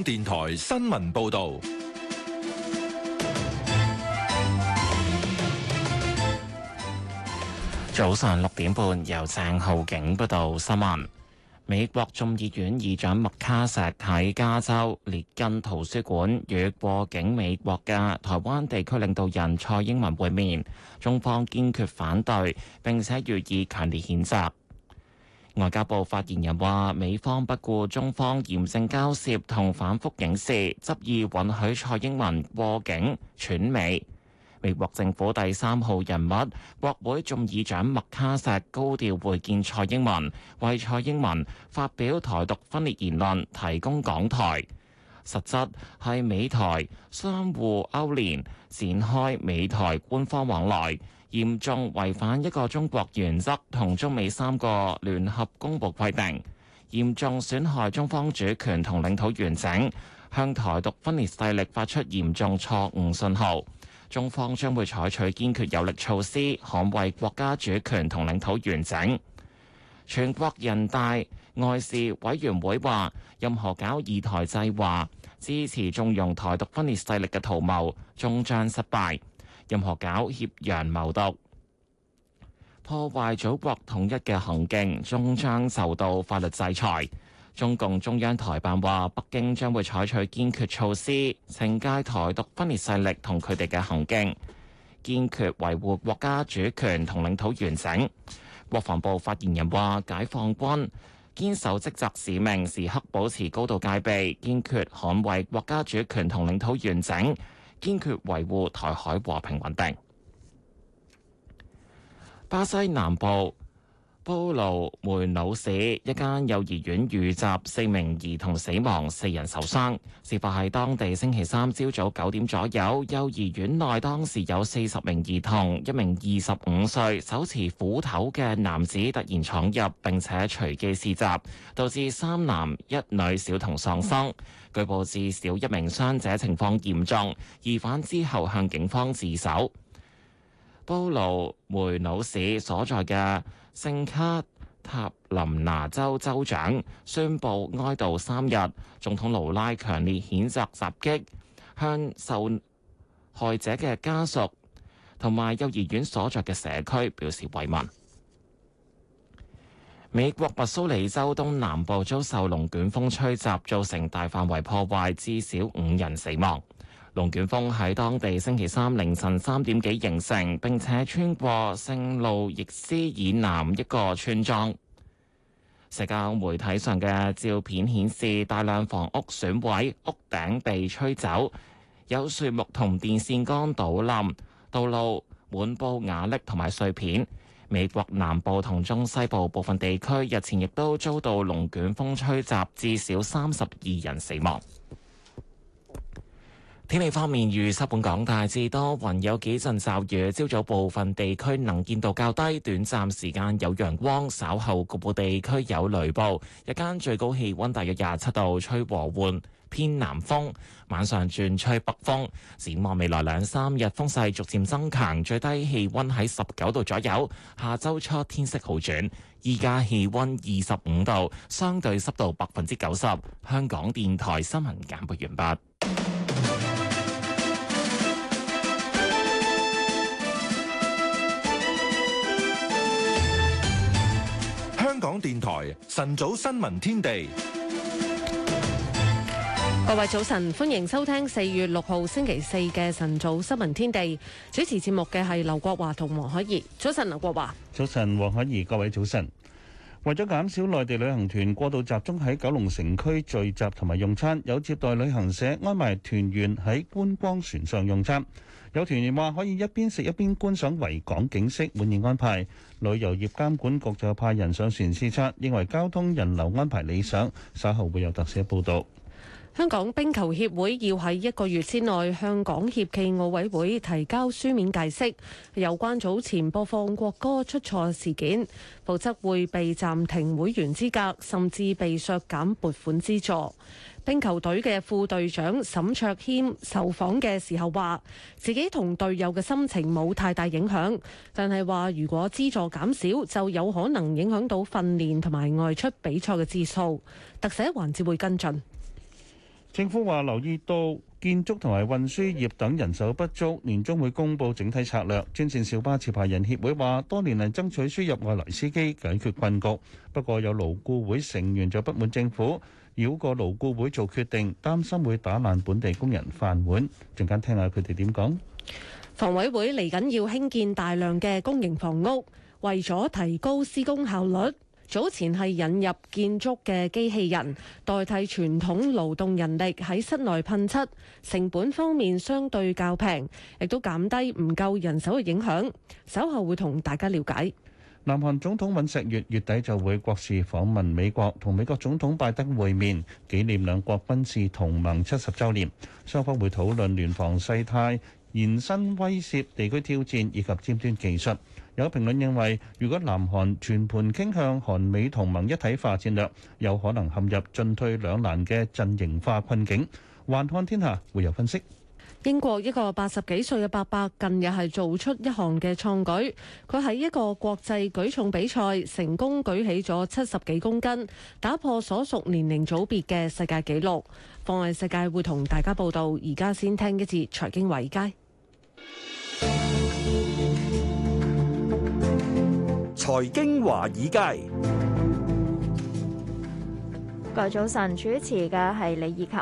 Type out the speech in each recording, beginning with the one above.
香港電台新聞報道：早上六點半，由鄭浩景報道新聞。美國眾議院議長麥卡錫喺加州列根圖書館與過境美國嘅台灣地區領導人蔡英文會面，中方堅決反對，並且予以強烈譴責。外交部發言人話：美方不顧中方嚴正交涉同反覆警示，執意允許蔡英文過境竄美。美國政府第三號人物、國會眾議長麥卡錫高調會見蔡英文，為蔡英文發表台獨分裂言論提供港台，實質係美台相互勾連，展開美台官方往來。嚴重違反一個中國原則同中美三個聯合公佈規定，嚴重損害中方主權同領土完整，向台獨分裂勢力發出嚴重錯誤信號。中方將會採取堅決有力措施捍衛國家主權同領土完整。全國人大外事委員會話：任何搞以台制華、支持縱容台獨分裂勢力嘅圖謀，終將失敗。任何搞挾洋謀獨、破壞祖國統一嘅行徑，終將受到法律制裁。中共中央台辦話，北京將會採取堅決措施，懲戒台獨分裂勢力同佢哋嘅行徑，堅決維護國家主權同領土完整。國防部發言人話，解放軍堅守職責使命，時刻保持高度戒備，堅決捍衛國家主權同領土完整。堅決維護台海和平穩定。巴西南部，布魯梅努市一間幼兒園遇襲，四名兒童死亡，四人受傷。事發喺當地星期三朝早九點左右，幼兒園內當時有四十名兒童，一名二十五歲手持斧頭嘅男子突然闖入，並且隨機施襲，導致三男一女小童喪生。據報至少一名傷者情況嚴重，疑犯之後向警方自首。布魯梅努市所在嘅聖卡塔林拿州州長宣布哀悼三日，總統盧拉強烈譴責襲擊，向受害者嘅家屬同埋幼兒園所在嘅社區表示慰問。美國密蘇里州東南部遭受龍捲風吹襲，造成大範圍破壞，至少五人死亡。龍捲風喺當地星期三凌晨三點幾形成，並且穿過聖路易斯以南一個村莊。社交媒體上嘅照片顯示大量房屋損毀，屋頂被吹走，有樹木同電線杆倒冧，道路滿布瓦礫同埋碎片。美國南部同中西部部分地區日前亦都遭到龍捲風吹襲，至少三十二人死亡。天氣方面，如濕本港，大致多雲，有幾陣驟雨。朝早部分地區能見度較低，短暫時間有陽光，稍後局部地區有雷暴。日間最高氣溫大約廿七度，吹和緩偏南風，晚上轉吹北風。展望未來兩三日，風勢逐漸增強，最低氣溫喺十九度左右。下周初天色好轉，依家氣溫二十五度，相對濕度百分之九十。香港電台新聞簡報完畢。香港電台晨早新聞天地，各位早晨，歡迎收聽四月六號星期四嘅晨早新聞天地。主持節目嘅係劉國華同黃海怡。早晨，劉國華。早晨，黃海怡。各位早晨。為咗減少內地旅行團過度集中喺九龍城區聚集同埋用餐，有接待旅行社安排團員喺觀光船上用餐。有團員話可以一邊食一邊觀賞維港景色，滿意安排。旅遊業監管局就派人上船視察，認為交通人流安排理想。稍後會有特寫報道。香港冰球協會要喺一個月之內向港協暨奧委會提交書面解釋有關早前播放國歌出錯事件，否則會被暫停會員資格，甚至被削減撥款資助。冰球隊嘅副隊長沈卓謙受訪嘅時候話，自己同隊友嘅心情冇太大影響，但係話如果資助減少，就有可能影響到訓練同埋外出比賽嘅次數，特寫環節會跟進。政府話留意到建築同埋運輸業等人手不足，年終會公布整體策略。專線小巴持牌人協會話，多年嚟爭取輸入外來司機解決困局，不過有勞顧會成員就不滿政府，繞過勞顧會做決定，擔心會打爛本地工人飯碗。陣間聽下佢哋點講。房委會嚟緊要興建大量嘅公營房屋，為咗提高施工效率，早前係引入建築嘅機器人代替傳統勞動人力喺室內噴漆，成本方面相對較平，亦都減低唔夠人手嘅影響。稍後會同大家了解。南韓總統尹錫悅，月底就會國事訪問美國和美國總統拜登會面，紀念兩國軍事同盟七十周年。雙方會討論聯防勢態，延伸威脅地區挑戰，以及尖端技術。有評論認為，如果南韓全盤傾向韓美同盟一體化戰略，有可能陷入進退兩難的陣營化困境。環看天下，會有分析。英國一個八十幾歲嘅伯伯，近日係做出一項嘅創舉，佢喺一個國際舉重比賽成功舉起咗七十幾公斤，打破所屬年齡組別嘅世界紀錄。放眼世界，會同大家報道。而家先聽一次財經華爾街。財經華爾街，各位早晨，主持嘅係李以琴。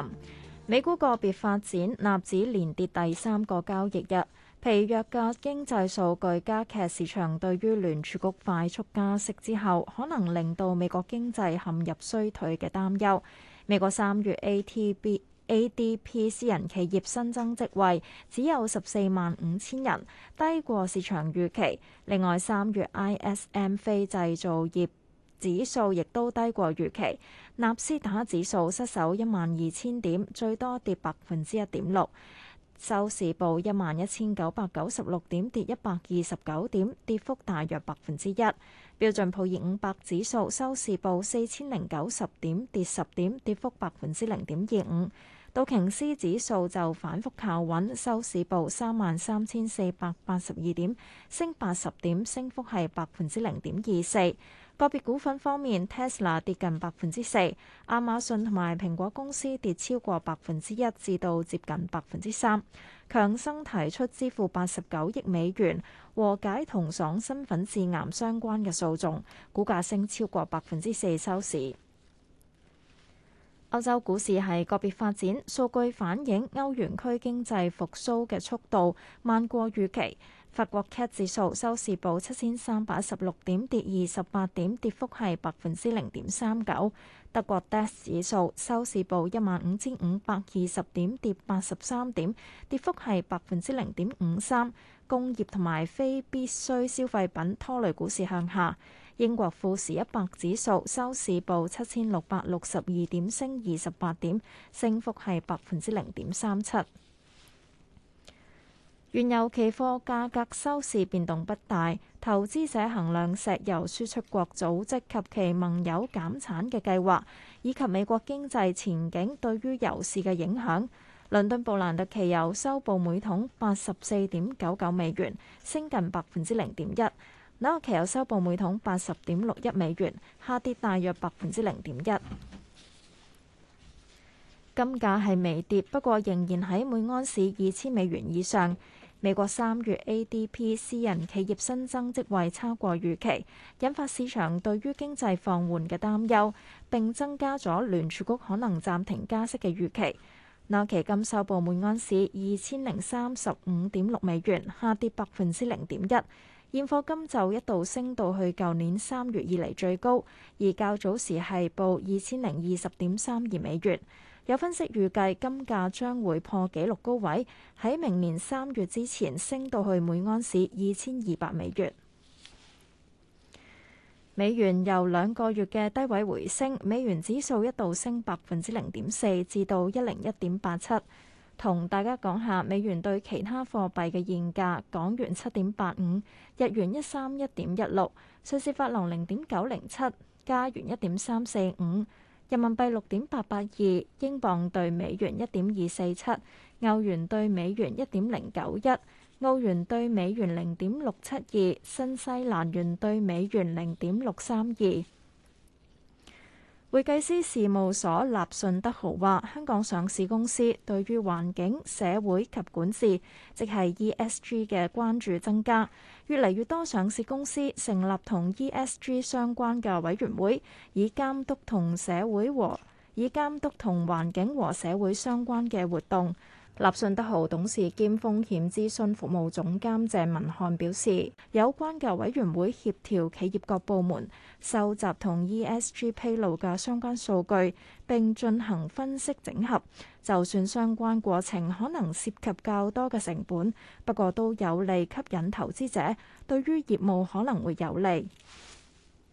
美股個別發展，納指連跌第三個交易日。疲弱嘅經濟數據加劇市場對於聯儲局快速加息之後可能令到美國經濟陷入衰退嘅擔憂。美國三月 ATB ADP 私人企業新增職位只有十四萬五千人，低過市場預期。另外，三月 ISM 非製造業指數亦都低過預期。納斯達克指數失守一萬二千點，最多跌百分之一點六。收市報一萬一千九百九十六點，跌一百二十九點，跌幅大約百分之一。標準普爾五百指數收市報四千零九十點，跌十點，跌幅百分之零點二五。道瓊斯指數就反覆靠穩，收市報三萬三千四百八十二點，升八十點，升幅係百分之零點二四。個別股份方面，Tesla 跌近百分之四，亞馬遜同埋蘋果公司跌超過百分之一至到接近百分之三。強生提出支付八十九億美元和解同爽身粉致癌相關嘅訴訟，股價升超過百分之四收市。歐洲股市係個別發展，數據反映歐元區經濟復甦嘅速度慢過預期。法國 CAC 指數收市報七千三百一十六點，跌二十八點，跌幅係百分之零點三九。德國 DAX 指數收市報一萬五千五百二十點，跌八十三點，跌幅係百分之零點五三。工業同埋非必需消費品拖累股市向下。英國富時一百指數收市報七千六百六十二點，升二十八點，升幅係百分之零點三七。原油期貨價格收市變動不大，投資者衡量石油輸出國組織及其盟友減產嘅計劃，以及美國經濟前景對於油市嘅影響。倫敦布蘭特期油收報每桶八十四點九九美元，升近百分之零點一；紐約期油收報每桶八十點六一美元，下跌大約百分之零點一。金價係微跌，不過仍然喺每安士二千美元以上。美國三月 ADP 私人企業新增職位超過預期，引發市場對於經濟放緩嘅擔憂，並增加咗聯儲局可能暫停加息嘅預期。那期金收報每盎司二千零三十五點六美元，下跌百分之零點一。現貨金就一度升到去舊年三月以嚟最高，而較早時係報二千零二十點三二美元。有分析預計金價將會破紀錄高位，喺明年三月之前升到去每安士二千二百美元。美元由兩個月嘅低位回升，美元指數一度升百分之零點四，至到一零一點八七。同大家講下美元對其他貨幣嘅現價：港元七點八五，日元一三一點一六，瑞士法郎零點九零七，加元一點三四五。人民幣六點八八二，英鎊對美元一點二四七，歐元對美元一點零九一，澳元對美元零點六七二，新西蘭元對美元零點六三二。會計師事務所立信德豪話：香港上市公司對於環境、社會及管治，即係 ESG 嘅關注增加，越嚟越多上市公司成立同 ESG 相關嘅委員會，以監督同社會和以監督同環境和社會相關嘅活動。立信德豪董事兼風險諮詢服務總監鄭文漢表示，有關嘅委員會協調企業各部門收集同 ESG 披露嘅相關數據，並進行分析整合。就算相關過程可能涉及較多嘅成本，不過都有利吸引投資者，對於業務可能會有利。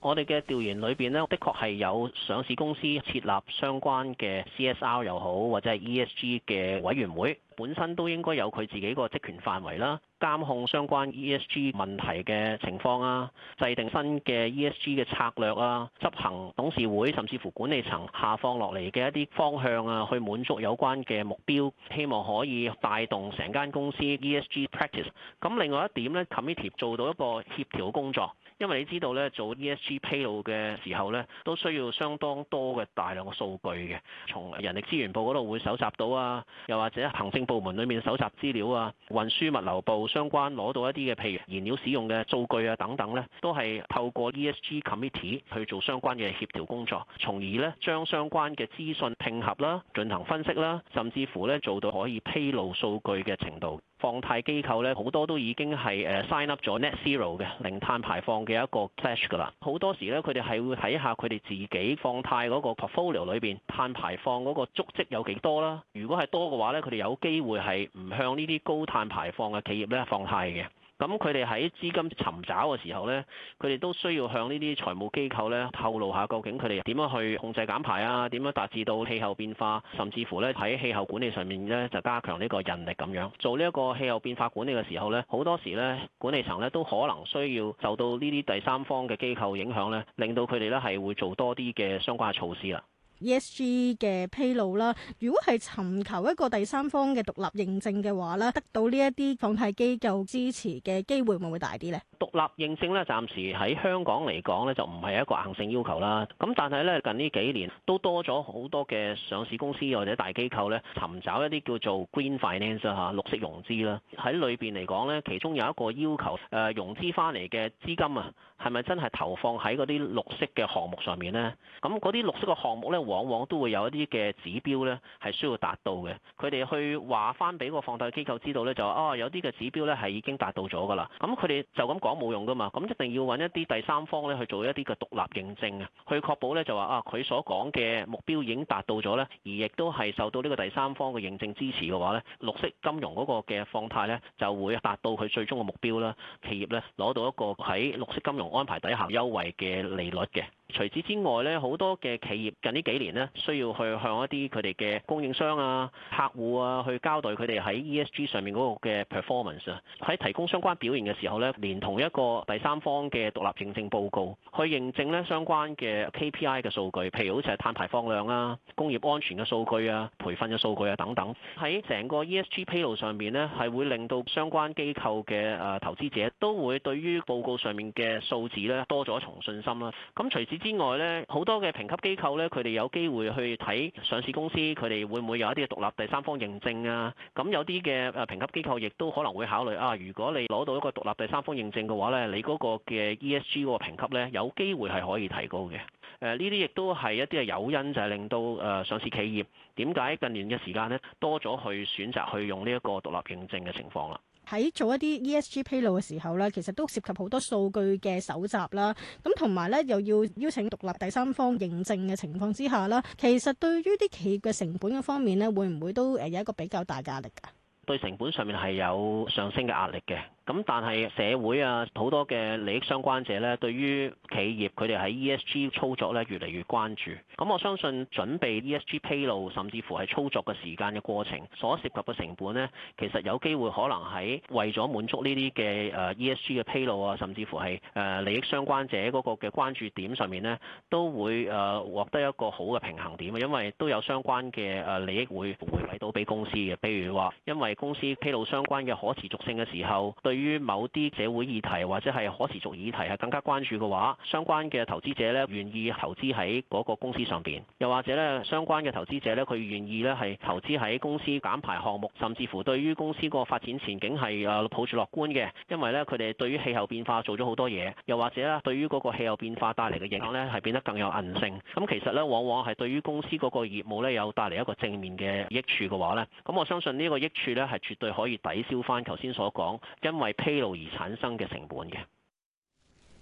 我哋嘅調研裏邊咧，的確係有上市公司設立相關嘅 CSR 又好，或者係 ESG 嘅委員會，本身都應該有佢自己個職權範圍啦，監控相關 ESG 問題嘅情況啊，制定新嘅 ESG 嘅策略啊，執行董事會甚至乎管理層下放落嚟嘅一啲方向啊，去滿足有關嘅目標，希望可以帶動成間公司 ESG practice。咁另外一點呢，committee 做到一個協調工作。因為你知道咧，做 ESG 披露嘅時候咧，都需要相當多嘅大量嘅數據嘅，從人力資源部嗰度會搜集到啊，又或者行政部門裡面搜集資料啊，運輸物流部相關攞到一啲嘅，譬如燃料使用嘅數據啊等等咧，都係透過 ESG committee 去做相關嘅協調工作，從而咧將相關嘅資訊拼合啦，進行分析啦，甚至乎咧做到可以披露數據嘅程度。放貸機構咧，好多都已經係誒 sign up 咗 net zero 嘅零碳排放嘅一個 clash 噶啦。好多時咧，佢哋係會睇下佢哋自己放貸嗰個 portfolio 裏邊碳排放嗰個足跡有幾多啦。如果係多嘅話咧，佢哋有機會係唔向呢啲高碳排放嘅企業咧放貸嘅。咁佢哋喺資金尋找嘅時候呢，佢哋都需要向呢啲財務機構呢透露下究竟佢哋點樣去控制減排啊，點樣達至到氣候變化，甚至乎呢，喺氣候管理上面呢，就加強呢個人力，咁樣做呢個氣候變化管理嘅時候呢，好多時呢，管理層呢都可能需要受到呢啲第三方嘅機構影響呢，令到佢哋呢係會做多啲嘅相關嘅措施啦。ESG 嘅披露啦，如果係尋求一個第三方嘅獨立認證嘅話咧，得到呢一啲放貸機構支持嘅機會會唔會大啲咧？獨立認證咧，暫時喺香港嚟講咧就唔係一個硬性要求啦。咁但係咧近呢幾年都多咗好多嘅上市公司或者大機構咧，尋找一啲叫做 green finance 啦嚇，綠色融資啦。喺裏邊嚟講咧，其中有一個要求誒融資翻嚟嘅資金啊，係咪真係投放喺嗰啲綠色嘅項目上面咧？咁嗰啲綠色嘅項目咧？往往都會有一啲嘅指標咧，係需要達到嘅。佢哋去話翻俾個放貸機構知道咧，就話啊，有啲嘅指標咧係已經達到咗噶啦。咁佢哋就咁講冇用噶嘛。咁一定要揾一啲第三方咧去做一啲嘅獨立認證啊，去確保咧就話啊，佢所講嘅目標已經達到咗咧，而亦都係受到呢個第三方嘅認證支持嘅話咧，綠色金融嗰個嘅放貸咧就會達到佢最終嘅目標啦。企業咧攞到一個喺綠色金融安排底下優惠嘅利率嘅。除此之外咧，好多嘅企業近呢幾年咧，需要去向一啲佢哋嘅供應商啊、客戶啊，去交代佢哋喺 ESG 上面嗰個嘅 performance 啊，喺提供相關表現嘅時候咧，連同一個第三方嘅獨立認證報告，去認證咧相關嘅 KPI 嘅數據，譬如好似係碳排放量啊、工業安全嘅數據啊、培訓嘅數據啊等等。喺成個 ESG 披露上面咧，係會令到相關機構嘅誒投資者都會對於報告上面嘅數字咧多咗一重信心啦。咁除，此之外咧，好多嘅評級機構咧，佢哋有機會去睇上市公司，佢哋會唔會有一啲嘅獨立第三方認證啊？咁有啲嘅誒評級機構亦都可能會考慮啊。如果你攞到一個獨立第三方認證嘅話咧，你嗰個嘅 ESG 個評級咧，有機會係可以提高嘅。誒，呢啲亦都係一啲嘅誘因，就係、是、令到誒上市企業點解近年嘅時間咧多咗去選擇去用呢一個獨立認證嘅情況啦。喺做一啲 ESG 披露嘅時候咧，其實都涉及好多數據嘅搜集啦，咁同埋咧又要邀請獨立第三方認證嘅情況之下啦，其實對於啲企業嘅成本嘅方面咧，會唔會都誒有一個比較大壓力㗎？對成本上面係有上升嘅壓力嘅。咁但係社會啊，好多嘅利益相關者咧，對於企業佢哋喺 ESG 操作咧，越嚟越關注。咁我相信準備 ESG 披露，甚至乎係操作嘅時間嘅過程，所涉及嘅成本咧，其實有機會可能喺為咗滿足呢啲嘅誒 ESG 嘅披露啊，甚至乎係誒利益相關者嗰個嘅關注點上面咧，都會誒獲得一個好嘅平衡點啊，因為都有相關嘅誒利益會回饋到俾公司嘅。譬如話因為公司披露相關嘅可持續性嘅時候，對。對於某啲社會議題或者係可持續議題係更加關注嘅話，相關嘅投資者呢，願意投資喺嗰個公司上邊，又或者呢，相關嘅投資者呢，佢願意呢，係投資喺公司減排項目，甚至乎對於公司嗰個發展前景係抱住樂觀嘅，因為呢，佢哋對於氣候變化做咗好多嘢，又或者呢，對於嗰個氣候變化帶嚟嘅影響呢，係變得更有韌性。咁其實呢，往往係對於公司嗰個業務呢，有帶嚟一個正面嘅益處嘅話呢。咁我相信呢個益處呢，係絕對可以抵消翻頭先所講，因為係披露而產生嘅成本嘅。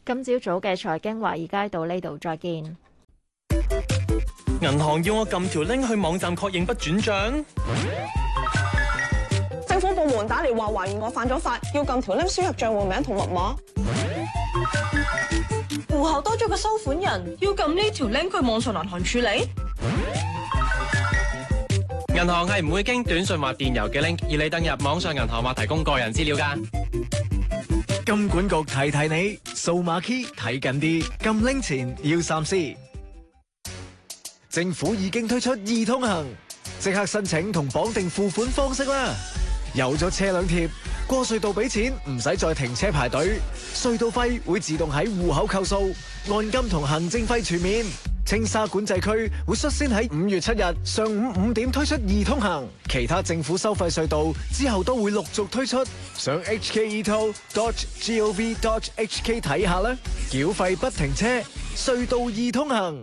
今朝早嘅財經華爾街，到呢度再見。銀行要我撳條 link 去網站確認不轉賬。 政府部門打嚟話懷疑我犯咗法，要撳條 link 輸入賬戶名同密碼。戶 口多咗個收款人，要撳呢條 link 去網上銀行處理。銀行係唔會經短信或電郵嘅 link，而你登入網上銀行或提供個人資料噶。金管局提提你，數碼 key 睇緊啲，撳 link 前要三思。政府已經推出易通行，即刻申請同綁定付款方式啦。有咗車輛貼，過隧道俾錢唔使再停車排隊，隧道費會自動喺戶口扣數，按金同行政費全面。青沙管制區會率先喺五月七日上午五點推出易通行，其他政府收費隧道之後都會陸續推出。上 hketoll.gov.hk 睇下啦，繳費不停車，隧道易通行。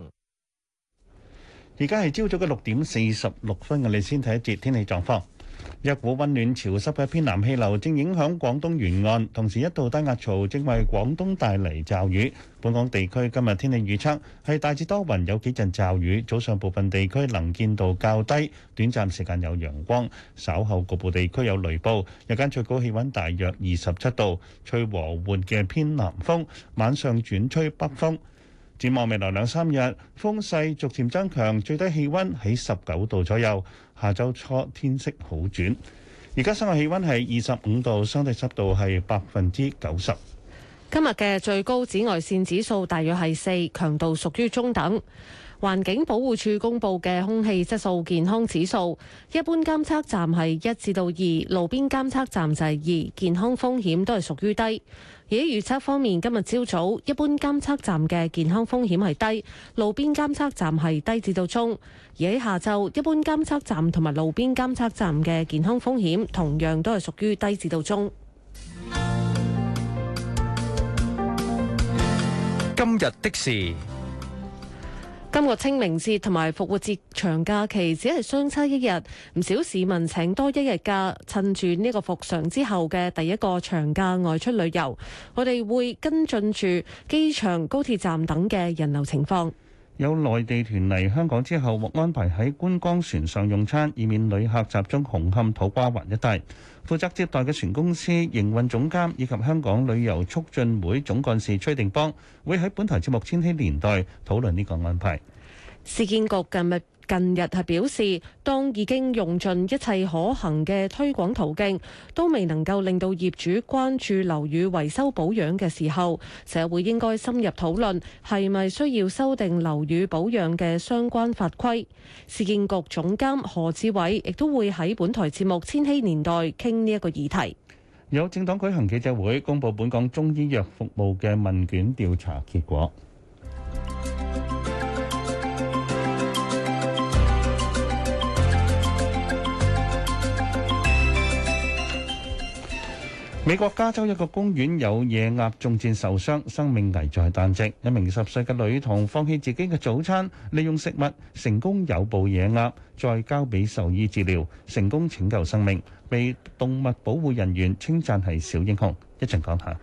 而家係朝早嘅六點四十六分嘅，你先睇一節天氣狀況。一股温暖潮濕嘅偏南氣流正影響廣東沿岸，同時一道低壓槽正為廣東帶嚟驟雨。本港地區今日天氣預測係大致多雲，有幾陣驟雨。早上部分地區能見度較低，短暫時間有陽光，稍後局部地區有雷暴。日間最高氣温大約二十七度，吹和緩嘅偏南風，晚上轉吹北風。展望未來兩三日，風勢逐漸增強，最低氣温喺十九度左右。下周初天色好轉。而家室外氣温係二十五度，相對濕度係百分之九十。今日嘅最高紫外線指數大約係四，強度屬於中等。環境保護署公布嘅空氣質素健康指數，一般監測站係一至到二，路邊監測站就係二，健康風險都係屬於低。而喺預測方面，今日朝早一般監測站嘅健康風險係低，路邊監測站係低至到中。而喺下晝，一般監測站同埋路邊監測站嘅健康風險同樣都係屬於低至到中。今日的事。今個清明節同埋復活節長假期只係相差一日，唔少市民請多一日假，趁住呢個復常之後嘅第一個長假外出旅遊。我哋會跟進住機場、高鐵站等嘅人流情況。有內地團嚟香港之後，獲安排喺觀光船上用餐，以免旅客集中紅磡土瓜灣一帶。負責接待嘅船公司,營運總監,以及香港旅遊促進會總幹事,崔定邦,會喺本台節目《千近日係表示，當已經用盡一切可行嘅推廣途徑都未能夠令到業主關注樓宇維修保養嘅時候，社會應該深入討論，係咪需要修訂樓宇保養嘅相關法規，市建局總監何志偉亦都會喺本台節目《千禧年代》傾呢一個議題，有政黨舉行記者會公布本港中醫藥服務嘅問卷調查結果。美國加州一個公園有野鴨中箭受傷，生命危在旦夕。一名十歲嘅女童放棄自己嘅早餐，利用食物成功誘捕野鴨，再交俾獸醫治療，成功拯救生命，被動物保護人員稱讚係小英雄。一陣講下。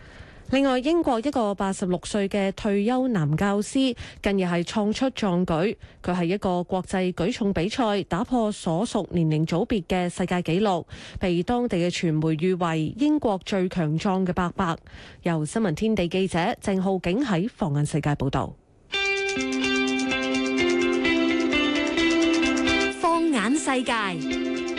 另外，英國一個八十六歲嘅退休男教師，近日係創出壯舉。佢係一個國際舉重比賽打破所屬年齡組別嘅世界紀錄，被當地嘅傳媒譽為英國最強壯嘅伯伯。由新聞天地記者鄭浩景喺放眼世界報導。放眼世界。報導。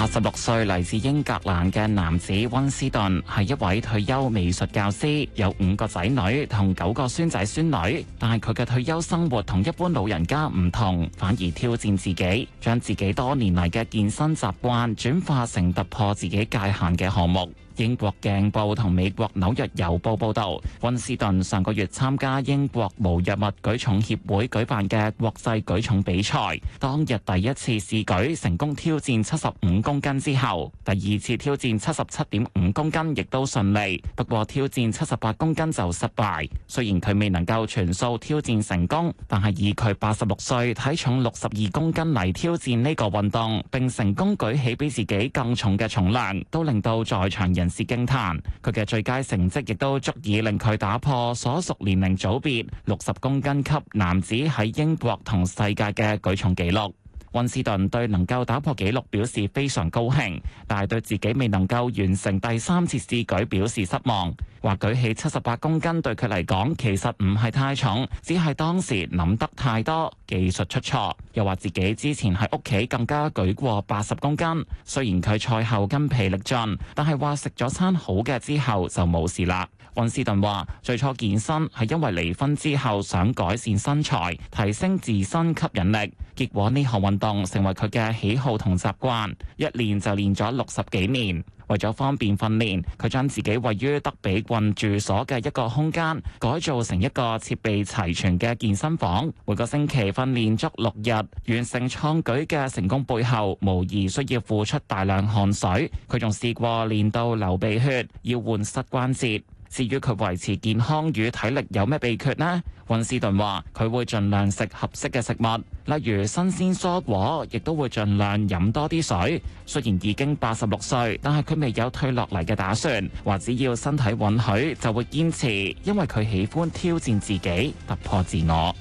八十六歲嚟自英格蘭嘅男子溫斯頓係一位退休美術教師，有五個仔女同九個孫仔孫女，但係佢嘅退休生活同一般老人家唔同，反而挑戰自己，將自己多年嚟嘅健身習慣轉化成突破自己界限嘅項目。英國鏡報同美國紐約郵報報道，溫斯頓上個月參加英國無藥物舉重協會舉辦嘅國際舉重比賽，當日第一次試舉成功挑戰七十五公斤之後，第二次挑戰七十七點五公斤亦都順利，不過挑戰七十八公斤就失敗。雖然佢未能夠全數挑戰成功，但係以佢八十六歲、體重六十二公斤嚟挑戰呢個運動，並成功舉起比自己更重嘅重量，都令到在場人是驚嘆，佢嘅最佳成績亦都足以令佢打破所屬年齡組別六十公斤級男子喺英國同世界嘅舉重紀錄。溫斯頓對能夠打破紀錄表示非常高興，但係對自己未能夠完成第三次試舉表示失望，話舉起七十八公斤對佢嚟講其實唔係太重，只係當時諗得太多，技術出錯。又話自己之前喺屋企更加舉過八十公斤，雖然佢賽後筋疲力盡，但係話食咗餐好嘅之後就冇事啦。溫斯頓話：最初健身係因為離婚之後想改善身材，提升自身吸引力。結果呢項運動成為佢嘅喜好同習慣，一練就練咗六十幾年。為咗方便訓練，佢將自己位於德比郡住所嘅一個空間改造成一個設備齊全嘅健身房。每個星期訓練足六日，完成創舉嘅成功背後，無疑需要付出大量汗水。佢仲試過練到流鼻血，要換膝關節。至於佢維持健康與體力有咩秘訣呢？溫斯頓話：佢會盡量食合適嘅食物，例如新鮮蔬果，亦都會盡量飲多啲水。雖然已經八十六歲，但係佢未有退落嚟嘅打算，話只要身體允許就會堅持，因為佢喜歡挑戰自己，突破自我。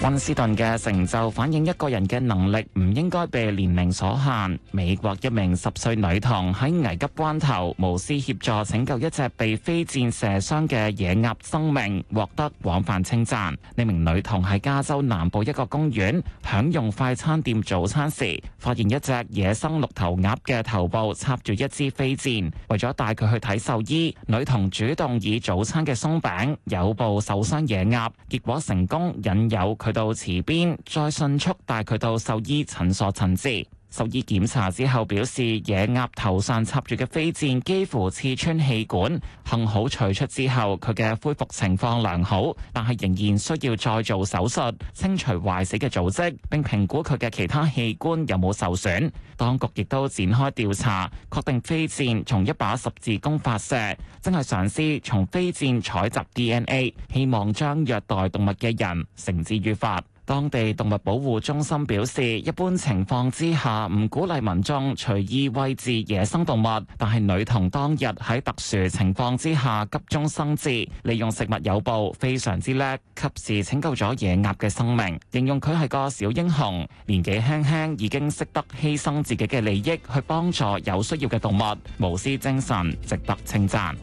溫斯頓嘅成就反映一個人嘅能力唔應該被年齡所限。美國一名十歲女童喺危急關頭無私協助拯救一隻被飛箭射傷嘅野鴨生命，獲得廣泛稱讚。呢名女童喺加州南部一個公園享用快餐店早餐時，發現一隻野生綠頭鴨嘅頭部插住一支飛箭，為咗帶佢去睇獸醫，女童主動以早餐嘅鬆餅誘捕受傷野鴨，結果成功引誘。去到池邊，再迅速帶佢到獸醫診所診治。獸醫檢查之後表示，野鴨頭上插住嘅飛箭幾乎刺穿氣管，幸好取出之後，佢嘅恢復情況良好，但係仍然需要再做手術清除壞死嘅組織，並評估佢嘅其他器官有冇受損。當局亦都展開調查，確定飛箭從一把十字弓發射，正係嘗試從飛箭採集 DNA，希望將虐待動物嘅人繩之於法。當地動物保護中心表示，一般情況之下唔鼓勵民眾隨意餵食野生動物，但係女童當日喺特殊情況之下急中生智，利用食物誘捕非常之叻，及時拯救咗野鴨嘅生命，形容佢係個小英雄，年紀輕輕已經識得犧牲自己嘅利益去幫助有需要嘅動物，無私精神值得稱讚。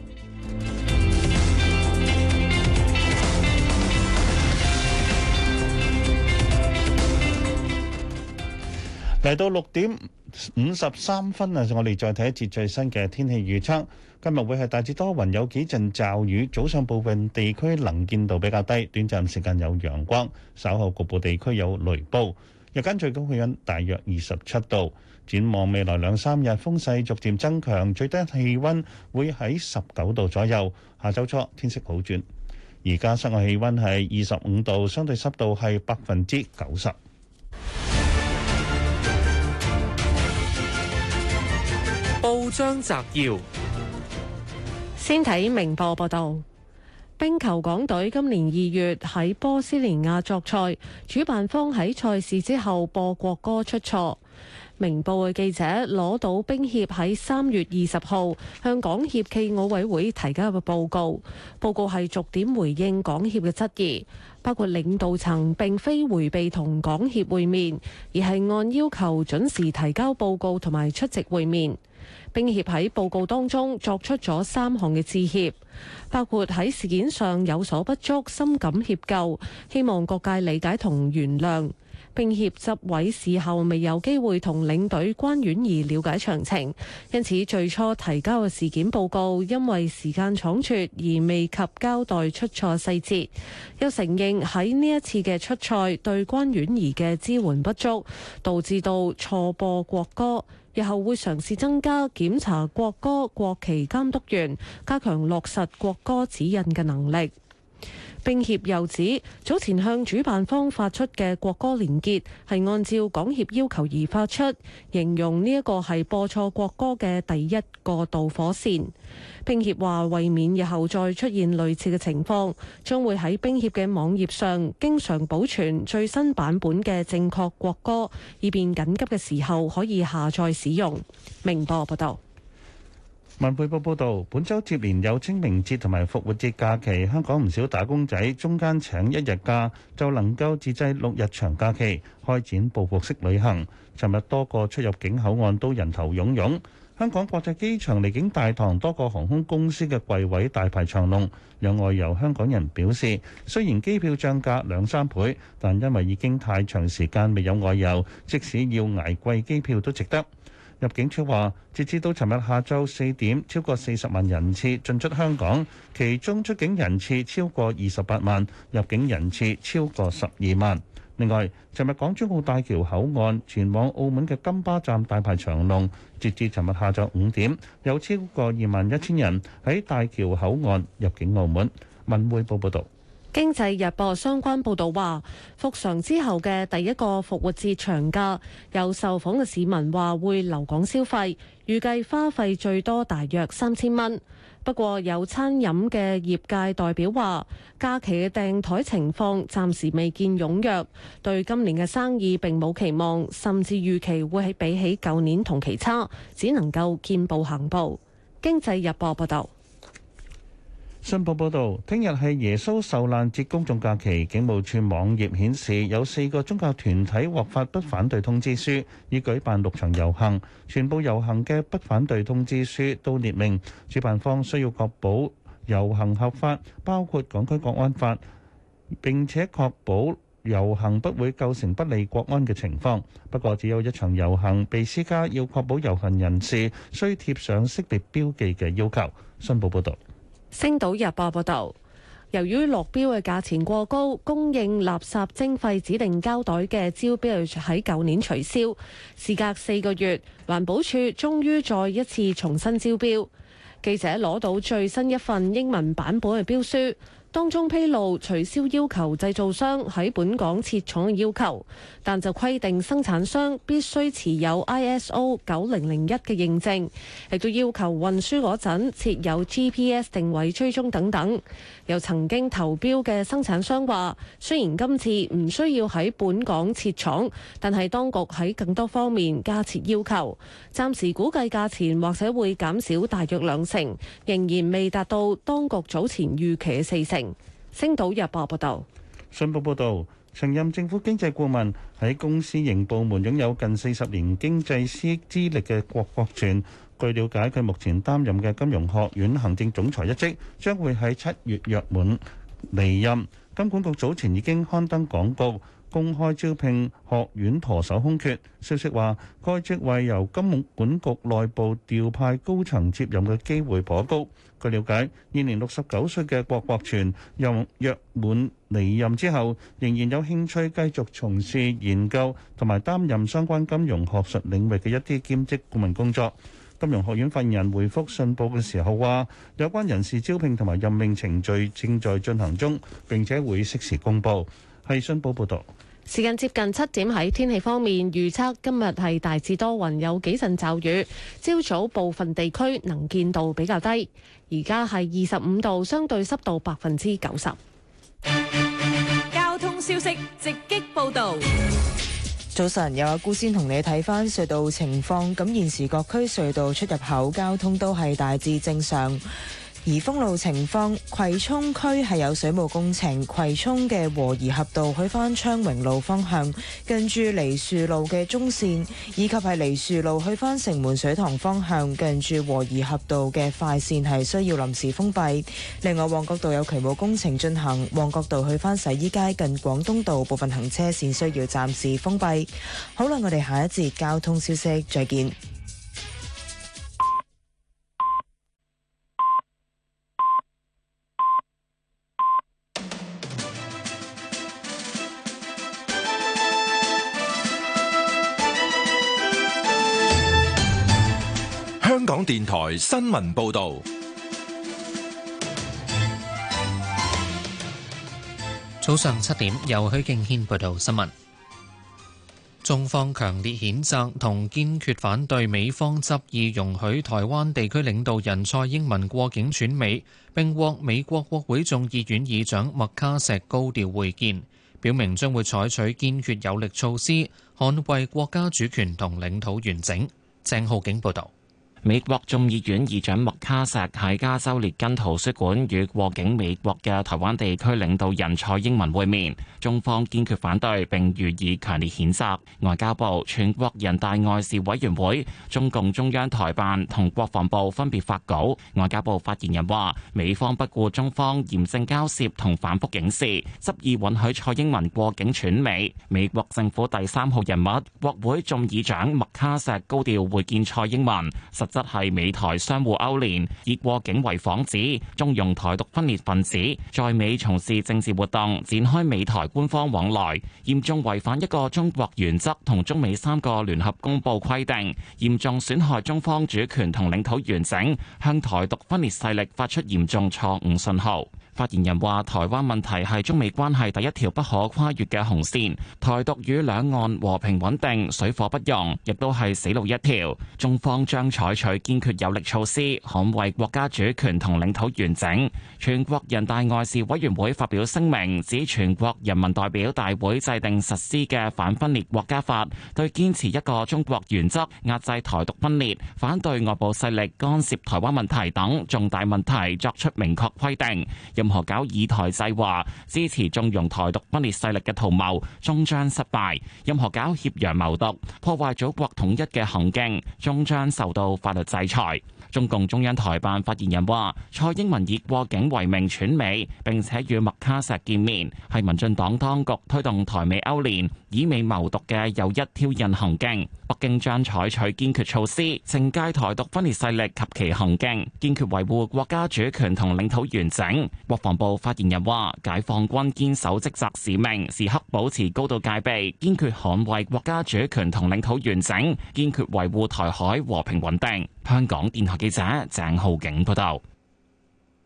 嚟到六點五十三分啊！我哋再睇一次最新嘅天氣預測。今日會係大致多雲，有幾陣驟雨。早上部分地區能見度比較低，短暫時間有陽光，稍後局部地區有雷暴。日間最高氣温大約二十七度。展望未來兩三日風勢逐漸增強，最低氣温會喺十九度左右。下週初天色好轉。而家室外氣温係二十五度，相對濕度係百分之九十。報章摘要：先睇明報報道。冰球港隊今年二月喺波斯尼亞作賽，主辦方喺賽事之後播國歌出錯。明報嘅記者攞到冰協喺三月二十號向港協暨奧委會提交嘅報告，報告係逐點回應港協嘅質疑，包括領導層並非回避同港協會面，而係按要求準時提交報告同埋出席會面。冰協喺報告當中作出咗三項嘅致歉，包括喺事件上有所不足，深感歉疚，希望各界理解同原諒。冰協執委事後未有機會同領隊關婉怡了解詳情，因此最初提交嘅事件報告因為時間倉促而未及交代出錯細節，又承認喺呢一次嘅出賽對關婉怡嘅支援不足，導致到錯播國歌。日後會嘗試增加檢查國歌國旗監督員，加強落實國歌指引嘅能力。冰協又指，早前向主辦方發出嘅國歌連結係按照港協要求而發出，形容呢一個係播錯國歌嘅第一個導火線。冰協話，為免日後再出現類似嘅情況，將會喺冰協嘅網頁上經常保存最新版本嘅正確國歌，以便緊急嘅時候可以下載使用。明報報道。文匯報報道，本周接連有清明節同埋復活節假期，香港唔少打工仔中間請一日假就能夠自製六日長假期，開展報復式旅行。尋日多個出入境口岸都人頭湧湧，香港國際機場離境大堂多個航空公司嘅櫃位大排長龍。有外遊香港人表示，雖然機票漲價兩三倍，但因為已經太長時間未有外遊，即使要捱貴機票都值得。入境處話，截至到尋日下晝四點，超過四十萬人次進出香港，其中出境人次超過二十八萬，入境人次超過十二萬。另外，尋日港珠澳大橋口岸前往澳門嘅金巴站大排長龍，截至尋日下晝五點，有超過二萬一千人喺大橋口岸入境澳門。文匯報報道。經濟日報相關報道話，復常之後嘅第一個復活節長假，有受訪嘅市民話會留港消費，預計花費最多大約三千蚊。不過有餐飲嘅業界代表話，假期嘅訂台情況暫時未見踊躍，對今年嘅生意並冇期望，甚至預期會係比起舊年同期差，只能夠見步行步。經濟日報報道。信報報導，聽日係耶穌受難節公眾假期，警務處網頁顯示有四個宗教團體獲發不反對通知書，已舉辦六場遊行。全部遊行嘅不反對通知書都列明，主辦方需要確保遊行合法，包括港區國安法，並且確保遊行不會構成不利國安嘅情況。不過，只有一場遊行被施加要確保遊行人士需貼上識別標記嘅要求。信報報導。星島日報報道，由於落標嘅價錢過高，供應垃圾徵費指定膠袋嘅招標喺舊年取消，事隔四個月，環保署終於再一次重新招標。記者攞到最新一份英文版本嘅標書。當中披露，取消要求製造商喺本港設廠嘅要求，但就規定生產商必須持有 ISO 九零零一嘅認證，亦都要求運輸嗰陣設有 GPS 定位追蹤等等。有曾經投標嘅生產商話：雖然今次唔需要喺本港設廠，但係當局喺更多方面加設要求。暫時估計價錢或者會減少大約兩成，仍然未達到當局早前預期嘅四成。星島日報報道。信報報道，曾任政府經濟顧問，喺公司營部門擁有近四十年經濟師資歷嘅郭國全。據了解，佢目前擔任嘅金融學院行政總裁一職，將會喺七月約滿離任。金管局早前已經刊登廣告公開招聘學院舵手空缺。消息話，該職位由金管局內部調派高層接任嘅機會頗高。據了解，現年六十九歲嘅郭國全任約滿離任之後，仍然有興趣繼續從事研究同埋擔任相關金融學術領域嘅一啲兼職顧問工作。金融學院發言人回覆信報嘅時候話：有關人事招聘同埋任命程序正在進行中，並且會適時公佈。係信報報道，時間接近七點喺天氣方面預測今日係大致多雲有幾陣驟雨，朝早部分地區能見度比較低。而家係二十五度，相對濕度百分之九十。交通消息直擊報道。早晨，有阿姑先同你睇翻隧道情況。咁現時各區隧道出入口交通都係大致正常。而封路情況，葵涌區係有水務工程，葵涌嘅和宜合道去返昌榮路方向，近住梨樹路嘅中線，以及係梨樹路去返城門水塘方向，近住和宜合道嘅快線係需要臨時封閉。另外旺角道有渠務工程進行，旺角道去返洗衣街近廣東道部分行車線需要暫時封閉。好啦，我哋下一節交通消息，再見。港電台新聞報道，早上七點由許敬軒報道新聞。中方強烈譴責同堅決反對美方執意容許台灣地區領導人蔡英文過境竄美，並獲美國國會眾議院議長麥卡錫高調會見，表明將會採取堅決有力措施捍衛國家主權同領土完整。鄭浩景報道。美國眾議院議長麥卡錫喺加州列根圖書館與過境美國嘅台灣地區領導人蔡英文會面，中方堅決反對，並予以強烈譴責。外交部、全國人大外事委員會、中共中央台辦同國防部分別發稿。外交部發言人話，美方不顧中方嚴正交涉同反覆警示，執意允許蔡英文過境竄美，美國政府第三號人物、國會眾議長麥卡錫高調會見蔡英文，則係美台相互勾連，以過境為幌子，縱容台獨分裂分子在美從事政治活動，展開美台官方往來，嚴重違反一個中國原則同中美三個聯合公報規定，嚴重損害中方主權同領土完整，向台獨分裂勢力發出嚴重錯誤信號。發言人話，台灣問題是中美關係第一條不可跨越的紅線。台獨與兩岸和平穩定，水火不浪，亦都是死路一條。中方將採取建築有力措施，坑為國家主權和領土原整。全國人大外事委員會發表聲明，指全國人民代表大會制定實施的反分裂國家法，對堅持一個中國原則，壓制台獨分裂，反對國防勢力，干涉台灣問題等重大問題作出明確規定。任何搞以台制華、支持縱容台獨分裂勢力嘅圖謀終將失敗，任何搞挾洋謀獨破壞祖國統一嘅行徑終將受到法律制裁。中共中央台辦發言人話，蔡英文以過境為名竄美，並且與麥卡錫見面，係民進黨當局推動台美勾連以美謀獨嘅又一挑釁行徑，北京將採取堅決措施，懲戒台獨分裂勢力及其行徑，堅決維護國家主權同領土完整。國防部發言人話，解放軍堅守職責使命，時刻保持高度戒備，堅決捍衛國家主權同領土完整，堅決維護台海和平穩定。香港電台記者鄭浩景報道。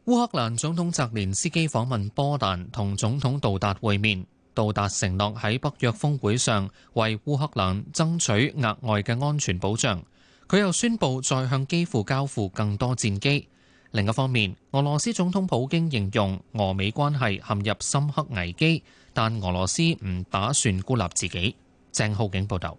烏克蘭總統澤連斯基訪問波蘭，同總統杜達會面。到達承諾喺北約峰會上為烏克蘭爭取額外嘅安全保障，佢又宣佈再向基輔交付更多戰機，另一方面，俄羅斯總統普京形容俄美關係陷入深刻危機，但俄羅斯唔打算孤立自己。鄭浩景報道。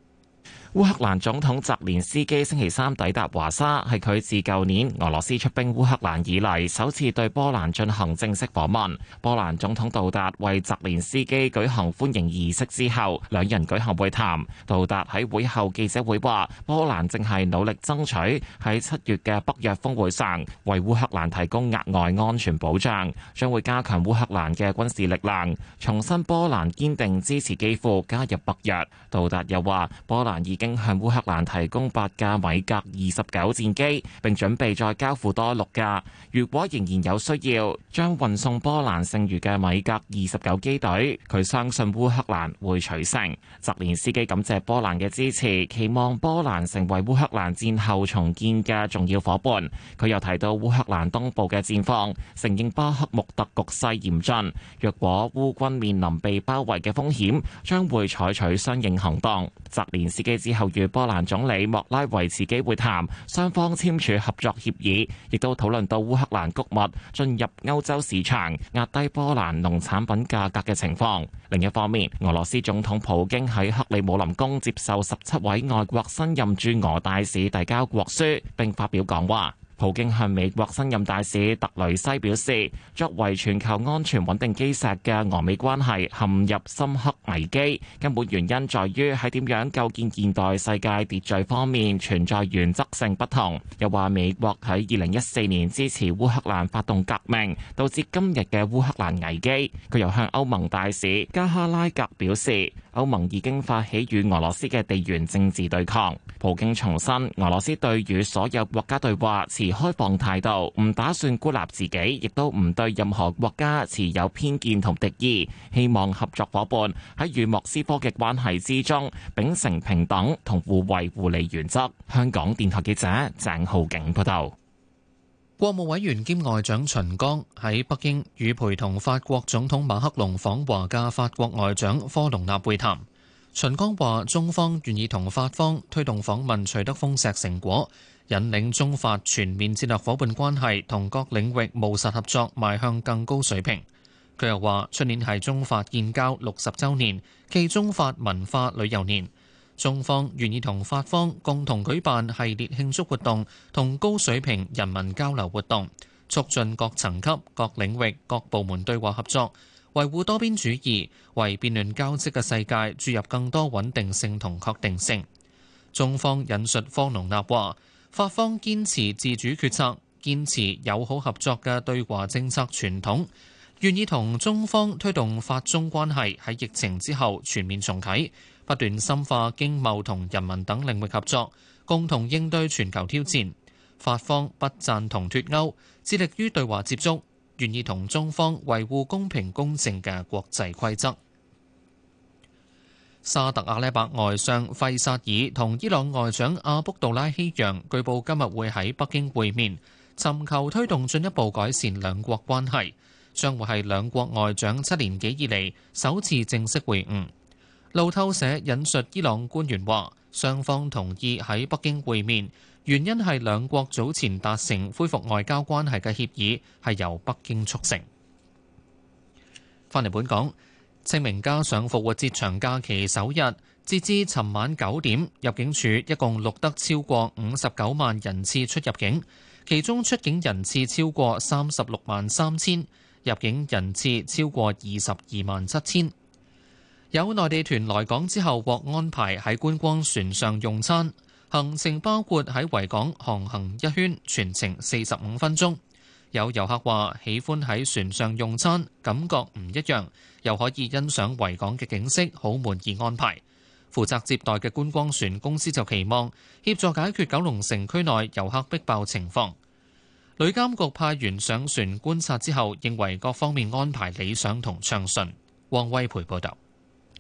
烏克蘭總統澤連斯基星期三抵達華沙，係佢自舊年俄羅斯出兵烏克蘭以嚟，首次對波蘭進行正式訪問。波蘭總統杜達為澤連斯基舉行歡迎儀式之後，兩人舉行會談。杜達喺會後記者會話：波蘭正係努力爭取喺七月嘅北約峰會上為烏克蘭提供額外安全保障，將會加強烏克蘭嘅軍事力量，重申波蘭堅定支持基輔加入北約。杜達又話：波蘭已經向烏克蘭提供八架米格二十九戰機，並準備再交付多六架。如果仍然有需要，將運送波蘭剩餘嘅米格二十九機隊。佢相信烏克蘭會取勝。澤連斯基感謝波蘭嘅支持，期望波蘭成為烏克蘭戰後重建嘅重要夥伴。佢又提到烏克蘭東部嘅戰況，承認巴克穆特局勢嚴峻。若果烏軍面臨被包圍嘅風險，將會採取相應行動。澤連斯基指之後與波蘭總理莫拉維茨基會談，雙方簽署合作協議，亦都討論到烏克蘭穀物進入歐洲市場壓低波蘭農產品價格嘅情況。另一方面，俄羅斯總統普京喺克里姆林宮接受十七位外國新任駐俄大使遞交國書，並發表講話。普京向美國新任大使特雷西表示，作為全球安全穩定基石嘅俄美關係陷入深刻危機，根本原因在於喺點樣構建現代世界秩序方面存在原則性不同。又話美國喺二零一四年支持烏克蘭發動革命，導致今日嘅烏克蘭危機。佢又向歐盟大使加哈拉格表示，歐盟已經發起與俄羅斯嘅地緣政治對抗。普京重申，俄羅斯對與所有國家對話持開放態度，唔打算孤立自己，亦都唔對任何國家持有偏見同敵意。希望合作夥伴喺與莫斯科嘅關係之中，秉承平等同互惠互利原則。香港電台記者鄭浩景報道。國務委員兼外長秦剛喺北京與陪同法國總統馬克龍訪華嘅法國外長科隆納會談。秦剛話：中方願意同法方推動訪問取得豐碩成果，引領中法全面戰略夥伴關係同各領域務實合作邁向更高水平。佢又話：出年係中法建交六十周年，暨中法文化旅遊年。中方願意同法方共同舉辦系列慶祝活動同高水平人民交流活動，促進各層級、各領域、各部門對話合作，維護多邊主義，為變亂交織嘅世界注入更多穩定性同確定性。中方引述方農納話：法方堅持自主決策，堅持友好合作嘅對華政策傳統，願意同中方推動法中關係喺疫情之後全面重啟。不斷深化經貿同人民等領域合作，共同應對全球挑戰。法方不贊同脫鈎，致力於對華接觸，願意同中方維護公平公正嘅國際規則。沙特阿拉伯外相費薩爾同伊朗外長阿卜杜拉希揚據報今日會喺北京會面，尋求推動進一步改善兩國關係，將會係兩國外長七年幾以嚟首次正式會晤。路透社引述伊朗官員話，雙方同意喺北京會面，原因係兩國早前達成恢復外交關係嘅協議，係由北京促成。翻嚟本港，清明加上復活節長假期首日，截至尋晚九點，入境處一共錄得超過五十九萬人次出入境，其中出境人次超過三十六萬三千，入境人次超過二十二萬七千。有內地團來港之後，獲安排喺觀光船上用餐，行程包括喺維港航行一圈，全程四十五分鐘。有遊客話：喜歡喺船上用餐，感覺唔一樣，又可以欣賞維港嘅景色，好滿意安排。負責接待嘅觀光船公司就期望協助解決九龍城區內遊客逼爆情況。旅監局派員上船觀察之後，認為各方面安排理想同暢順。汪威培報導。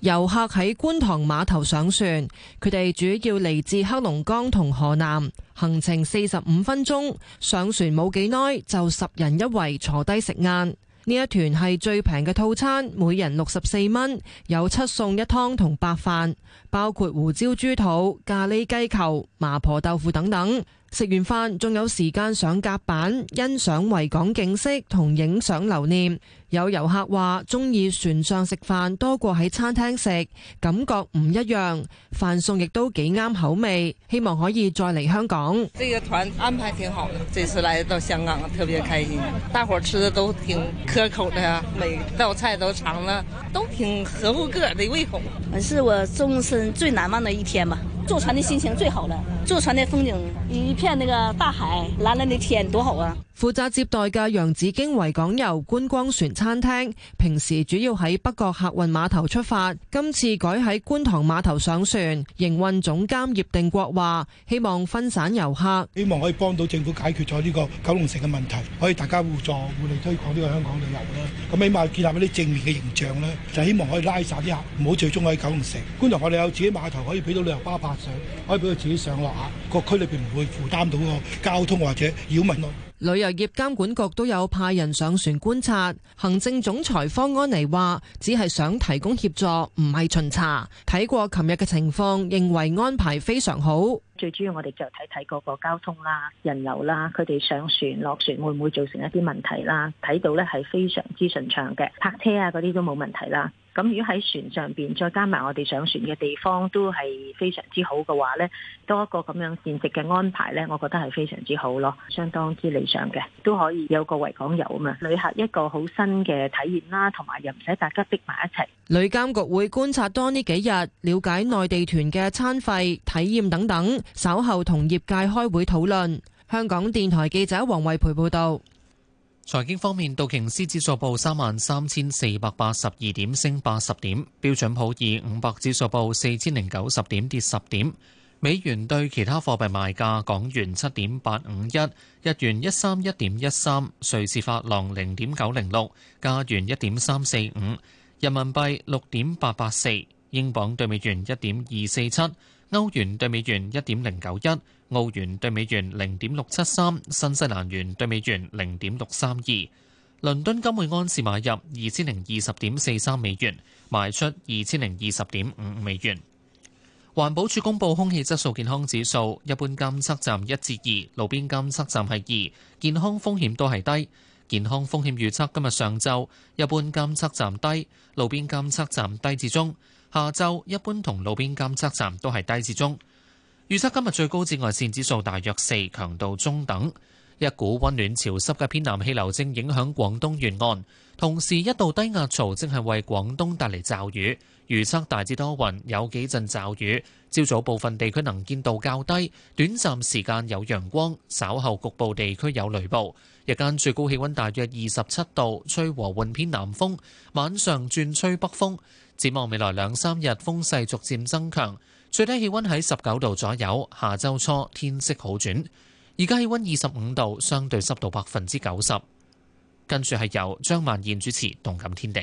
遊客喺觀塘碼頭上船，佢哋主要嚟自黑龍江同河南，行程四十五分鐘。上船冇幾耐，就十人一圍坐低食晏。呢一團係最平嘅套餐，每人六十四蚊，有七餸一湯同白飯，包括胡椒豬肚、咖喱雞球、麻婆豆腐等等。食完飯仲有時間上甲板，欣賞維港景色，同影相留念。有遊客話：中意船上食飯多過喺餐廳食，感覺唔一樣，飯餸亦都幾啱口味，希望可以再嚟香港。這個團安排挺好的，這次來到香港特別開心，大伙吃的都挺可口的啊，每道菜都嘗了，都挺合乎個人的胃口。我是我終身最難忘的一天嘛。坐船的心情最好了，坐船的風景一片那個大海，藍藍的天，多好啊！負責接待嘅洋紫荊維港遊觀光船餐廳，平時主要喺北角客運碼頭出發，今次改喺觀塘碼頭上船。營運總監葉定國話：希望分散遊客，希望可以幫到政府解決咗呢個九龍城嘅問題，可以大家互助，互利推廣呢個香港旅遊咧。咁起碼建立一啲正面嘅形象咧，就希望可以拉曬啲客，唔好最終喺九龍城觀塘。我哋有自己碼頭，可以俾到旅遊巴泊上，可以俾佢自己上落客，各區裏邊唔會負擔到個交通或者擾民咯。旅遊業監管局都有派人上船觀察，行政總裁方安妮話：只係想提供協助，唔係巡查。睇過琴日嘅情況，認為安排非常好。最主要我哋就睇睇嗰個交通啦、人流啦，佢哋上船落船會唔會造成一啲問題啦？睇到咧係非常之順暢嘅，泊車啊嗰啲都冇問題啦。咁如果喺船上邊再加埋我哋上船嘅地方都係非常之好嘅話呢，多一個咁樣膳食嘅安排呢，我覺得係非常之好咯，相當之理想嘅，都可以有個維港遊啊嘛，旅客一個好新嘅體驗啦，同埋又唔使大家逼埋一齊。旅監局會觀察多呢幾日，了解內地團嘅餐費、體驗等等，稍後同業界開會討論。香港電台記者黃慧培報道。財經方面，道瓊斯指數報三萬三千四百八十二點，升八十點；標準普爾五百指數報四千零九十點，跌十點。美元對其他貨幣賣價，港元七點八五一，日元一三一點一三，瑞士法郎零點九零六，加元一點三四五，人民幣六點八八四，英鎊對美元一點二四七。歐元對美元一點零九一，澳元對美元零點六七三，新西蘭元對美元零點六三二。倫敦金會安士買入二千零二十點四三美元，賣出二千零二十點五五美元。環保署公布空氣質素健康指數，一般監測站一至二，路邊監測站係二，健康風險都係低。健康風險預測今日上晝一般監測站低，路邊監測站低至中。下晝一般同路邊監測站都係低至中。預測今日最高紫外線指數大約四，強度中等。一股溫暖潮濕嘅偏南氣流正影響廣東沿岸，同時一道低壓槽正係為廣東帶嚟驟雨。預測大致多雲，有幾陣驟雨。朝早部分地區能見度較低，短暫時間有陽光，稍後局部地區有雷暴。日間最高氣溫大約二十七度，吹和緩偏南風，晚上轉吹北風。展望未來兩三日風勢逐漸增強，最低氣溫喺十九度左右。下周初天色好轉，而家氣溫二十五度，相對濕度百分之九十。跟住係由張曼燕主持《動感天地》。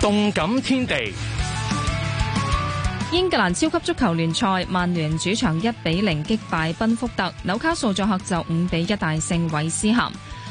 《動感天地》英格蘭超級足球聯賽，曼聯主場一比零擊敗賓福特，紐卡素作客就五比一大勝韋斯咸。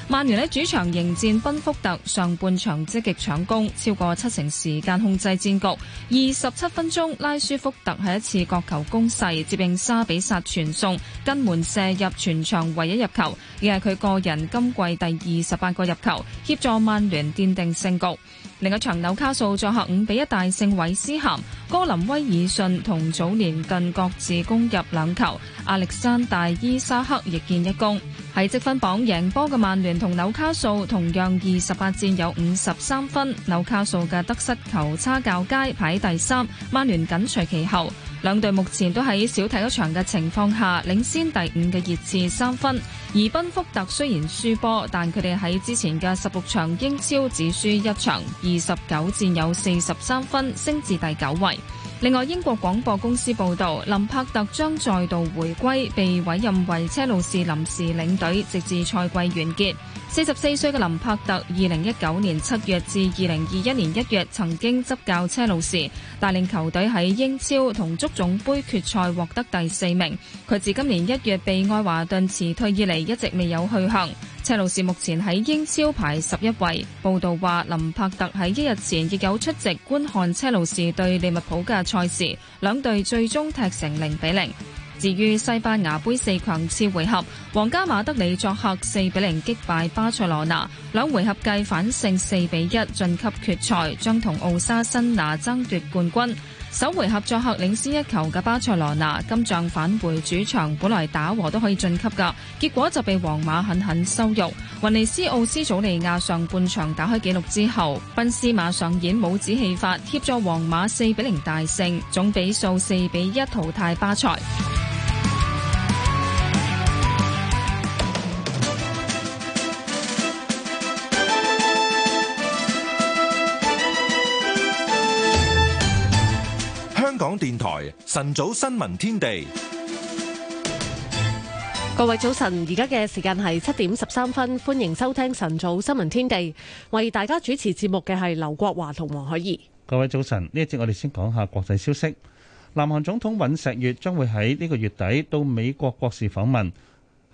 曼聯喺主場迎戰賓福特，上半場積極搶攻，超過七成時間控制戰局。二十七分鐘，拉舒福特係一次角球攻勢接應沙比薩傳送，根門射入全場唯一入球，而係佢個人今季第二十八個入球，協助曼聯奠定勝局。另一場紐卡素作客五比一大勝韋斯咸，哥林威爾遜同早年近各自攻入兩球，亞歷山大伊沙克亦建一功。喺積分榜贏波嘅曼聯同紐卡素同樣二十八戰有五十三分，紐卡素嘅得失球差較佳，排第三。曼聯緊隨其後，兩隊目前都喺少睇一場嘅情況下，領先第五嘅熱刺三分。而賓福特雖然輸波，但佢哋喺之前嘅十六場英超只輸一場，二十九戰有四十三分，升至第九位。另外，英國廣播公司報導，林柏特將再度回歸，被委任為車路士臨時領隊，直至賽季完結。四十四歲嘅林柏特，二零一九年七月至二零二一年一月曾經執教車路士，帶領球隊喺英超同足總杯決賽獲得第四名。佢自今年一月被愛華頓辭退以嚟，一直未有去向。車路士目前喺英超排十一位。報道話，林柏特喺一日前亦有出席觀看車路士對利物浦嘅賽事，兩隊最終踢成零比零。至於西班牙杯四強次回合，皇家馬德里作客四比零擊敗巴塞羅那，兩回合計反勝四比一晉級決賽，將同奧沙辛拿爭奪冠軍。首回合作客領先一球嘅巴塞羅那，今仗返回主場，本來打和都可以晉級嘅，結果就被皇馬狠狠羞，羞辱。雲尼斯奧斯祖利亞上半場打開紀錄之後，賓斯馬上演帽子戲法，貼咗皇馬四比零大勝，總比數四比一淘汰巴塞。電台晨早新聞天地，各位早晨，而家嘅時間係七點十三分，歡迎收聽晨早新聞天地。為大家主持節目嘅係劉國華同黃海怡。各位早晨，呢一節我哋先講下國際消息。南韓總統尹錫悅將會喺呢個月底到美國國事訪問，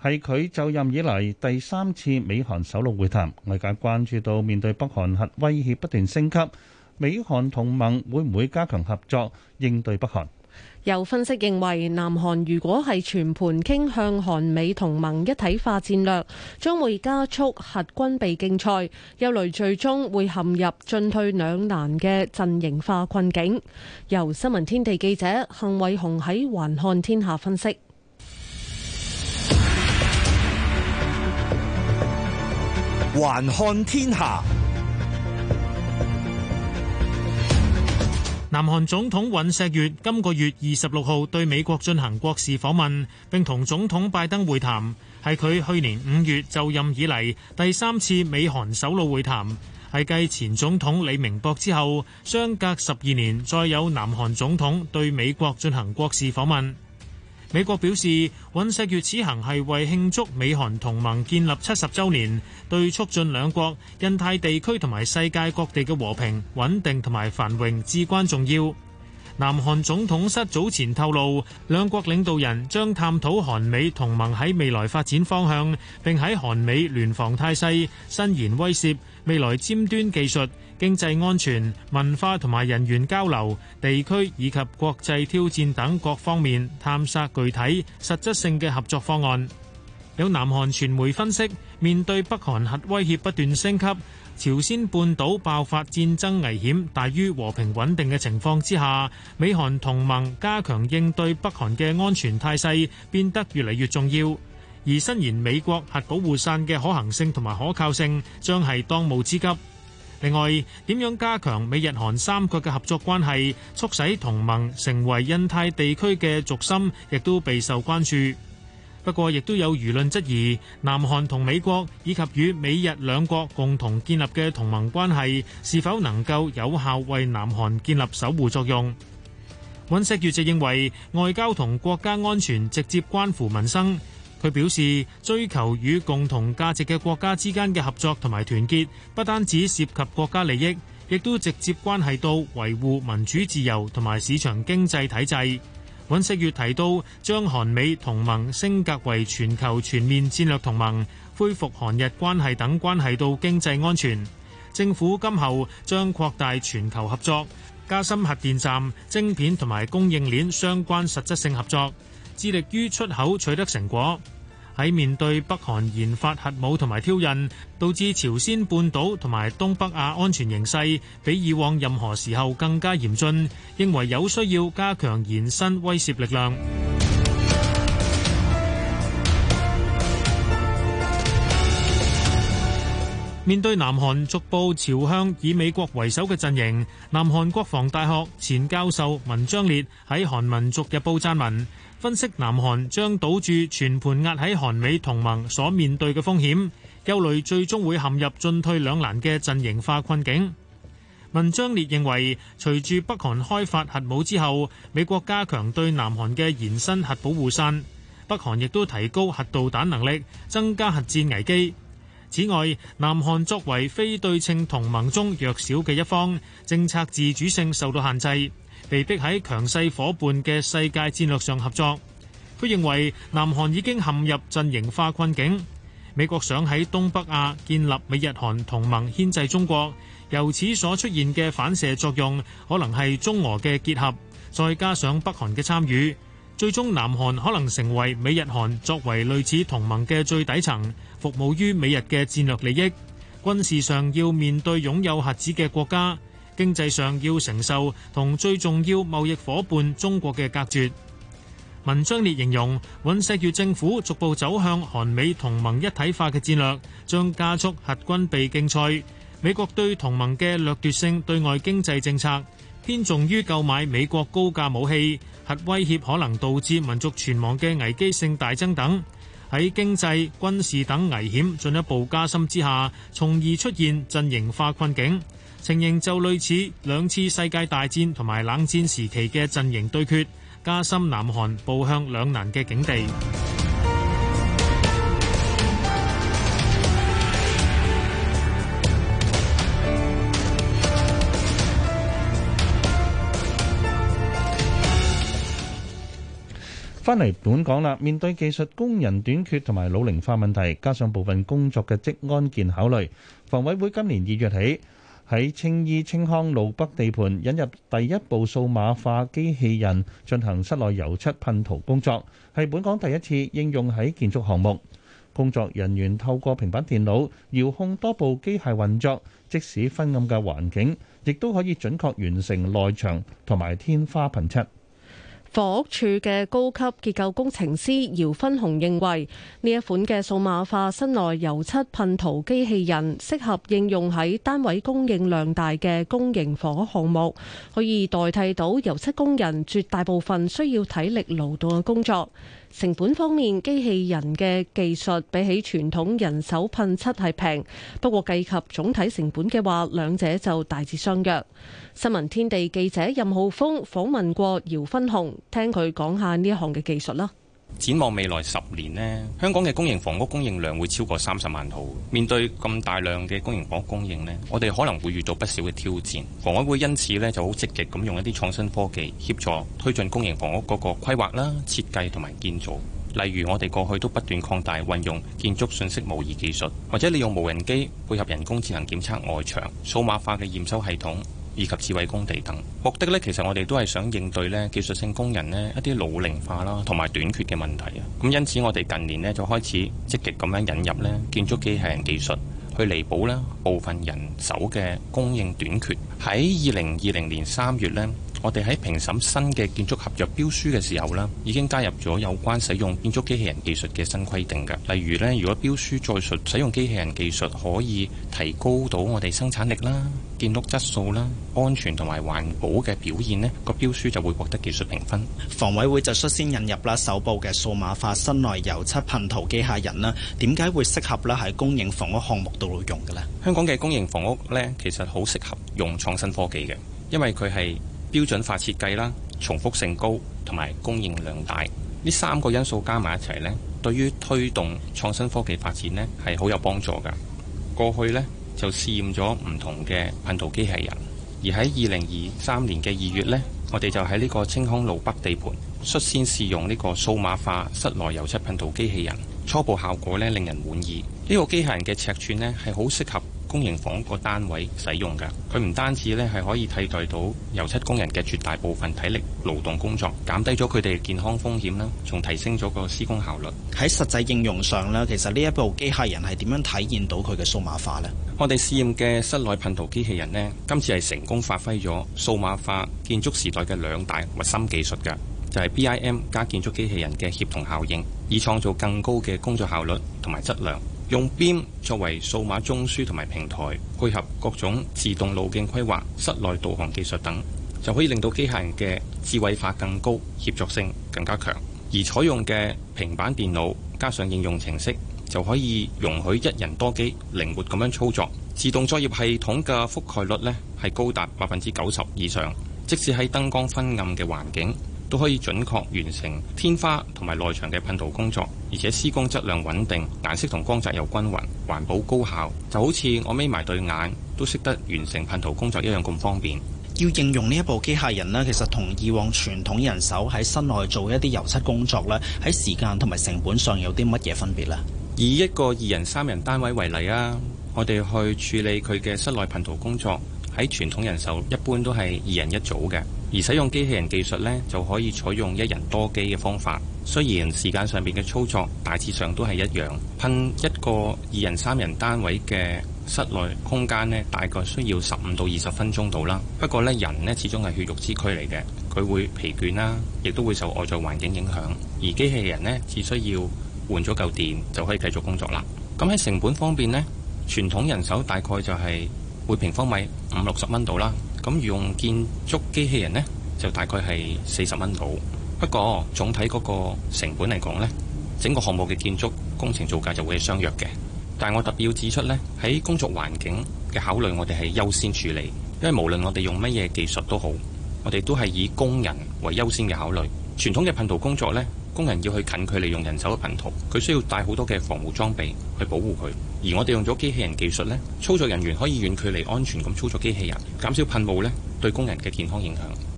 係佢就任以嚟第三次美韓首腦會談，外界關注到面對北韓核威脅不斷升級。美韓同盟會唔會加強合作，應對北韓？有分析認為，南韓如果係全盤傾向韓美同盟一體化戰略，將會加速核軍備競賽，憂慮最終會陷入進退兩難嘅陣營化困境。由新聞天地記者幸偉雄喺橫看天下分析。橫看天下。南韓總統尹錫悅今個月二十六號對美國進行國事訪問，並同總統拜登會談，係佢去年五月就任以嚟第三次美韓首腦會談，係繼前總統李明博之後，相隔十二年再有南韓總統對美國進行國事訪問。美國表示，尹錫悅此行係為慶祝美韓同盟建立七十週年，對促進兩國印太地區同埋世界各地嘅和平穩定同埋繁榮至關重要。南韓總統室早前透露，兩國領導人將探討韓美同盟喺未來發展方向，並喺韓美聯防態勢、伸延威懾未來尖端技術、經濟安全、文化同埋人員交流、地區以及國際挑戰等各方面探索具體、實質性嘅合作方案。有南韓傳媒分析，面對北韓核威脅不斷升級、朝鮮半島爆發戰爭危險大於和平穩定嘅情況之下，美韓同盟加強應對北韓嘅安全態勢變得越嚟越重要。而申言美國核保護傘嘅可行性同埋可靠性，將係當務之急。另外，點樣加強美日韓三國嘅合作關係，促使同盟成為印太地區嘅軸心，亦都備受關注。不過，亦都有輿論質疑，南韓同美國以及與美日兩國共同建立嘅同盟關係，是否能夠有效為南韓建立守護作用？尹錫悅就認為，外交同國家安全直接關乎民生。佢表示，追求與共同價值嘅國家之間嘅合作同埋團結不單止涉及國家利益，亦都直接關係到維護民主自由同埋市場經濟體制。尹錫悅提到，將韓美同盟升格為全球全面戰略同盟，恢復韓日關係等，關係到經濟安全。政府今後將擴大全球合作，加深核電站、晶片同埋供應鏈相關實質性合作，致力於出口取得成果。喺面對北韓研發核武同埋挑釁，導致朝鮮半島同埋東北亞安全形勢比以往任何時候更加嚴峻，認為有需要加強延伸威懾力量。 面對南韓逐步朝向以美國為首嘅陣營，南韓國防大學前教授文章烈喺《韓民族日報》撰文。分析南韓將賭住全盤押喺韓美同盟所面對嘅風險，憂慮最終會陷入進退兩難嘅陣營化困境。文章列認為，隨住北韓開發核武之後，美國加強對南韓嘅延伸核保護傘，北韓亦都提高核導彈能力，增加核戰危機。此外，南韓作為非對稱同盟中弱小嘅一方，政策自主性受到限制。被逼喺強勢伙伴嘅世界戰略上合作，佢認為南韓已經陷入陣營化困境。美國想喺東北亞建立美日韓同盟牽制中國，由此所出現嘅反射作用，可能係中俄嘅結合，再加上北韓嘅參與，最終南韓可能成為美日韓作為類似同盟嘅最底層，服務於美日嘅戰略利益。軍事上要面對擁有核子嘅國家。經濟上要承受同最重要貿易伙伴中國嘅隔絕。文章列形容，尹錫悦政府逐步走向韓美同盟一體化嘅戰略，將加速核軍備競賽。美國對同盟嘅掠奪性對外經濟政策，偏重於購買美國高價武器，核威脅可能導致民族存亡嘅危機性大增等，喺經濟、軍事等危險進一步加深之下，從而出現陣營化困境。情形就類似兩次世界大戰同埋冷戰時期嘅陣營對決，加深南韓步向兩難嘅境地。翻嚟本港啦，面對技術工人短缺同埋老齡化問題，加上部分工作嘅職安健考慮，房委會今年二月起，喺青衣青康路北地盤引入第一部數碼化機器人進行室內油漆噴塗工作，係本港第一次應用喺建築項目。工作人員透過平板電腦遙控多部機械運作，即使昏暗嘅環境，亦都可以準確完成內牆同埋天花噴漆。房屋署嘅高級結構工程師姚芬紅認為，呢一款嘅數碼化室內油漆噴塗機器人，適合應用喺單位供應量大嘅公營房屋項目，可以代替到油漆工人絕大部分需要體力勞動嘅工作。成本方面，機器人嘅技術比起傳統人手噴漆係平，不過計及總體成本嘅話，兩者就大致相若。新聞天地記者任浩峰訪問過姚分紅，聽佢講下呢一項嘅技術啦。展望未來十年呢，香港嘅公營房屋供應量會超過三十萬套。面對咁大量嘅公營房屋供應呢，我哋可能會遇到不少嘅挑戰。房委會因此呢就好積極咁用一啲創新科技協助推進公營房屋嗰個規劃啦、設計同埋建造。例如，我哋過去都不斷擴大運用建築信息模擬技術，或者利用無人機配合人工智能檢測外牆、數碼化嘅驗收系統，以及智慧工地等，目的咧，其實我哋都係想應對咧技術性工人呢一啲老齡化啦，同埋短缺嘅問題啊。咁因此，我哋近年咧就開始積極咁樣引入咧建築機械人技術，去彌補咧部分人手嘅供應短缺。喺二零二零年三月咧，我哋喺評審新嘅建築合約標書嘅時候啦，已經加入咗有關使用建築機器人技術嘅新規定㗎。例如呢，如果標書再述使用機器人技術可以提高到我哋生產力啦、建築質素啦、安全同埋環保嘅表現呢，個標書就會獲得技術評分。房委會就率先引入啦首部嘅數碼化室內油漆噴塗機械人啦。點解會適合啦喺公營房屋項目度用嘅呢？香港嘅公營房屋呢，其實好適合用創新科技嘅，因為佢係標準化設計啦，重複性高同埋供應量大，呢三個因素加埋一齊呢，對於推動創新科技發展呢係好有幫助㗎。過去呢就試驗咗唔同嘅噴塗機器人，而喺二零二三年嘅二月呢，我哋就喺呢個青康路北地盤率先試用呢個數碼化室內油漆噴塗機器人，初步效果呢令人滿意。呢個機器人嘅尺寸呢係好適合。公營房屋個單位使用噶，佢唔單止呢係可以替代到油漆工人嘅絕大部分體力勞動工作，減低咗佢哋嘅健康風險啦，仲提升咗個施工效率。喺實際應用上呢，其實呢一部機械人係點樣體現到佢嘅數碼化呢？我哋試驗嘅室內噴塗機器人呢，今次係成功發揮咗數碼化建築時代嘅兩大核心技術嘅，就係 BIM 加建築機器人嘅協同效應，以創造更高嘅工作效率同埋質量。用邊作為數碼中樞同埋平台，配合各種自動路徑規劃、室內導航技術等，就可以令到機械人嘅智慧化更高，協作性更加強。而採用嘅平板電腦加上應用程式，就可以容許一人多機靈活咁樣操作。自動作業系統嘅覆蓋率呢，係高達百分之九十以上，即使喺燈光昏暗嘅環境。都可以準確完成天花同埋內牆嘅噴塗工作，而且施工質量穩定，顏色同光澤又均勻，環保高效，就好似我眯埋對眼都識得完成噴塗工作一樣咁方便。要應用呢一部機械人呢，其實同以往傳統人手喺室內做一啲油漆工作呢，喺時間同埋成本上有啲乜嘢分別呢？以一個二人、三人單位為例啊，我哋去處理佢嘅室內噴塗工作，喺傳統人手一般都係二人一組嘅。而使用機器人技術呢，就可以採用一人多機嘅方法。雖然時間上面嘅操作大致上都係一樣，噴一個二人、三人單位嘅室內空間呢，大概需要十五到二十分鐘度啦。不過呢，人呢始終係血肉之軀嚟嘅，佢會疲倦啦，亦都會受外在環境影響。而機器人呢，只需要換咗嚿電就可以繼續工作啦。咁喺成本方面呢，傳統人手大概就係每平方米五六十蚊度啦。咁用建築機器人呢，就大概係四十蚊到。不過總體嗰個成本嚟講呢，整個項目嘅建築工程造價就會係相約嘅。但我特別要指出呢，喺工作環境嘅考慮，我哋係優先處理，因為無論我哋用乜嘢技術都好，我哋都係以工人為優先嘅考慮。傳統嘅噴塗工作呢。工人要去近距離用人手嘅噴塗，佢需要帶好多嘅防護裝備去保護佢。而我哋用咗機器人技術咧，操作人員可以遠距離安全咁操作機器人，減少噴霧咧對工人嘅健康影響。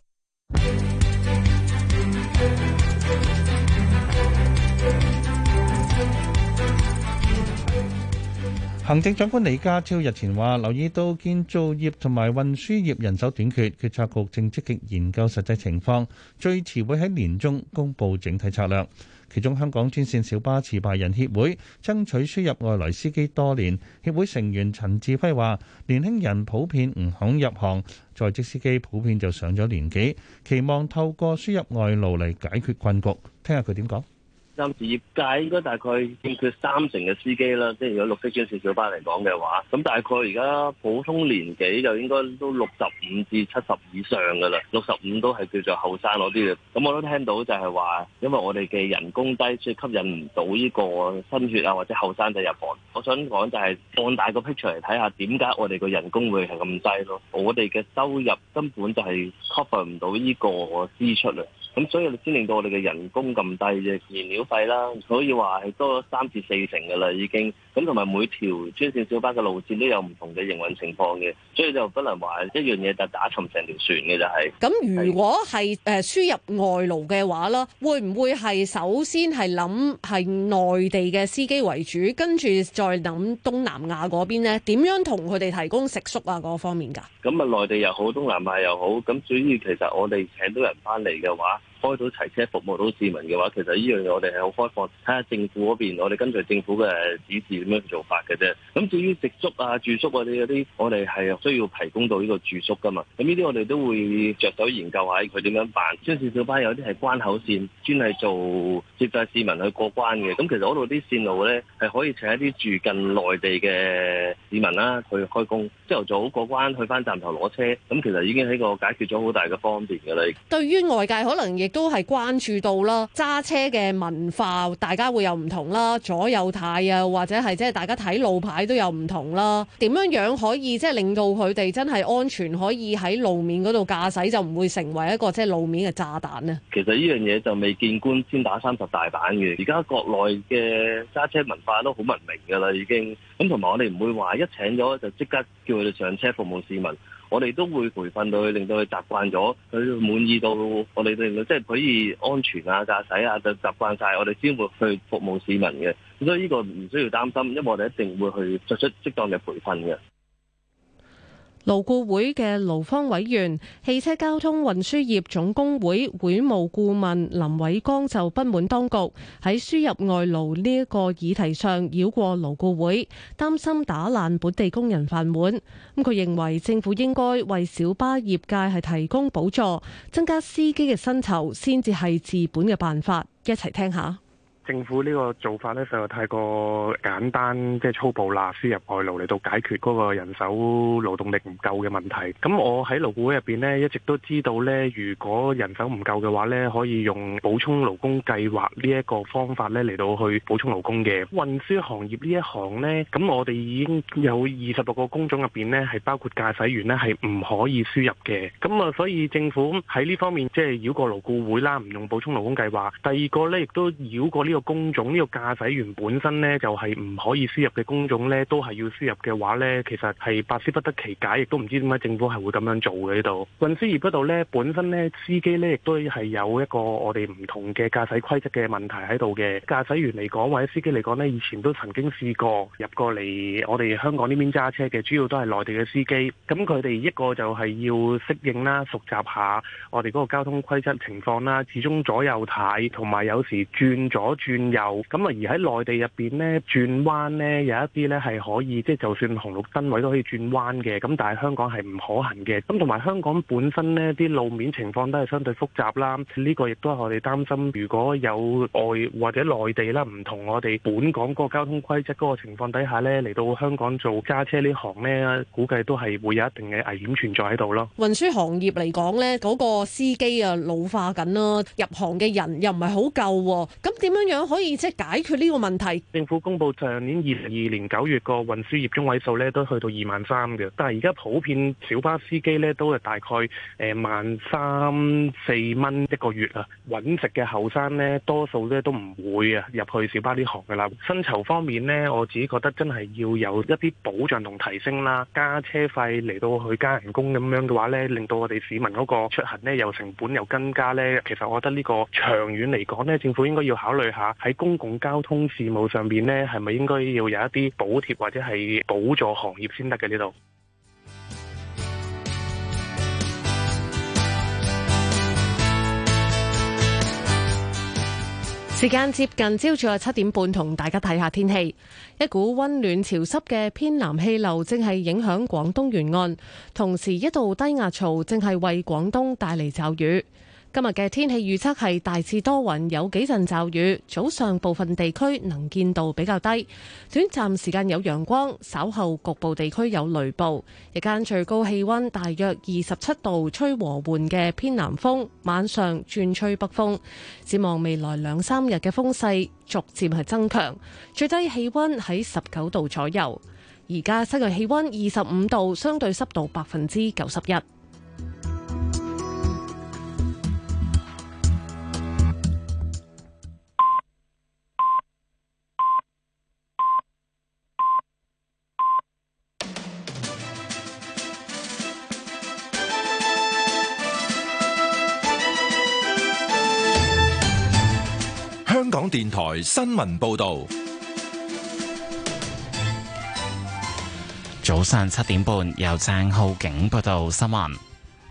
行政長官李家超日前話：留意到建造業同埋運輸業人手短缺，決策局正積極研究實際情況，最遲會喺年中公布整體策略。其中，香港專線小巴持牌人協會爭取輸入外來司機多年。協會成員陳志輝話：年輕人普遍唔肯入行，在職司機普遍就上咗年紀，期望透過輸入外勞嚟解決困局。聽下佢點講？暫時業界應該大概欠缺三成嘅司機啦，即係如果綠色專線小巴嚟講嘅話，咁大概而家普通年紀就應該都六十五至七十以上噶啦，六十五都係叫做後生嗰啲嘅。咁我都聽到就係話，因為我哋嘅人工低，所以吸引唔到呢個新血啊，或者後生仔入行。我想講就係、是、放大個 picture 嚟睇下，點解我哋嘅人工會係咁低咯？我哋嘅收入根本就係 cover 唔到呢個支出啦。咁、嗯、所以你先令到我哋嘅人工咁低嘅、就是、燃料費啦，所以話係多咗三至四成㗎喇，已經。咁同埋每條專線小巴嘅路線都有唔同嘅營運情況嘅，所以就不能話一樣嘢就打沉成條船嘅就係。咁如果係誒輸入外勞嘅話啦，會唔會係首先係諗係內地嘅司機為主，跟住再諗東南亞嗰邊咧？點樣同佢哋提供食宿啊嗰方面㗎？咁啊，內地又好，東南亞又好，咁主要其實我哋請到人翻嚟嘅話。開到齊車服務到市民嘅話，其實呢樣嘢我哋係好開放，睇下政府嗰邊，我哋跟隨政府嘅指示點樣做法嘅啫。咁至於食宿啊、住宿嗰啲嗰啲，我哋係需要提供到呢個住宿噶嘛。咁呢啲我哋都會着手研究下佢點樣辦。即係小巴有啲係關口線，專係做接待市民去過關嘅。咁其實嗰度啲線路咧係可以請一啲住近內地嘅市民啦去開工，朝頭早過關去翻站頭攞車。咁其實已經喺個解決咗好大嘅方便嘅啦。對於外界可能亦。都係關注到啦，揸車嘅文化大家會有唔同啦，左右軚啊，或者係即係大家睇路牌都有唔同啦。點樣樣可以即係令到佢哋真係安全可以喺路面嗰度駕駛，就唔會成為一個即係、就是、路面嘅炸彈呢？其實呢樣嘢就未見官先打三十大板嘅。而家國內嘅揸車文化都好文明㗎喇，已經咁同埋我哋唔會話一請咗就即刻叫佢哋上車服務市民。我哋都會培訓到佢，令到佢習慣咗，佢滿意到我，我哋令到即係可以安全啊、駕駛啊，就習慣晒。我哋先會去服務市民嘅。所以呢個唔需要擔心，因為我哋一定會去作出適當嘅培訓嘅。勞雇會嘅勞方委員、汽車交通運輸業總工會會務顧問林偉光就不滿當局喺輸入外勞呢一個議題上繞過勞雇會，擔心打爛本地工人飯碗。咁佢認為政府應該為小巴業界係提供補助，增加司機嘅薪酬，先至係治本嘅辦法。一齊聽下。政府呢個做法咧實在太過簡單，即係粗暴啦，輸入外勞嚟到解決嗰個人手勞動力唔夠嘅問題。咁我喺勞顧會入邊咧，一直都知道咧，如果人手唔夠嘅話咧，可以用補充勞工計劃呢一個方法咧嚟到去補充勞工嘅運輸行業呢一行咧。咁我哋已經有二十六個工種入邊咧，係包括駕駛員咧係唔可以輸入嘅。咁啊，所以政府喺呢方面即係繞過勞顧會啦，唔用補充勞工計劃。第二個咧，亦都繞過呢個。個工種呢，呢個駕駛員本身呢，就係、是、唔可以輸入嘅工種呢都係要輸入嘅話呢，其實係百思不得其解，亦都唔知點解政府係會咁樣做嘅呢度。運輸業嗰度呢，本身呢，司機呢亦都係有一個我哋唔同嘅駕駛規則嘅問題喺度嘅。駕駛員嚟講或者司機嚟講呢，以前都曾經試過入過嚟我哋香港呢邊揸車嘅，主要都係內地嘅司機。咁佢哋一個就係要適應啦，熟習下我哋嗰個交通規則情況啦，始終左右軚，同埋有，有時轉左轉轉右咁啊！而喺內地入邊咧，轉彎咧有一啲咧係可以，即係就算紅綠燈位都可以轉彎嘅。咁但係香港係唔可行嘅。咁同埋香港本身咧啲路面情況都係相對複雜啦。呢個亦都係我哋擔心。如果有外或者內地啦唔同我哋本港嗰個交通規則嗰個情況底下咧，嚟到香港做揸車呢行咧，估計都係會有一定嘅危險存在喺度咯。運輸行業嚟講咧，嗰個司機啊老化緊啦，入行嘅人又唔係好夠。咁點樣樣？可以即係解決呢個問題。政府公布上年二零二二年九月個運輸業中位數咧都去到二萬三嘅，但係而家普遍小巴司機咧都係大概誒萬三四蚊一個月啊，揾食嘅後生咧多數咧都唔會啊入去小巴呢行噶啦。薪酬方面咧，我自己覺得真係要有一啲保障同提升啦，加車費嚟到去加人工咁樣嘅話咧，令到我哋市民嗰個出行咧又成本又增加咧，其實我覺得呢個長遠嚟講咧，政府應該要考慮下。喺公共交通事務上面，呢係咪應該要有一啲補貼或者係補助行業先得嘅？呢度時間接近朝早七點半，同大家睇下天氣。一股溫暖潮濕嘅偏南氣流正係影響廣東沿岸，同時一道低壓槽正係為廣東帶嚟驟雨。今日嘅天氣預測係大致多雲，有幾陣驟雨。早上部分地區能見度比較低，短暫時間有陽光，稍後局部地區有雷暴。日間最高氣溫大約二十七度，吹和緩嘅偏南風，晚上轉吹北風。展望未來兩三日嘅風勢逐漸係增強，最低氣溫喺十九度左右。而家室內氣溫二十五度，相對濕度百分之九十一。香港電臺新聞報道，早上七點半由鄭浩景報道新聞。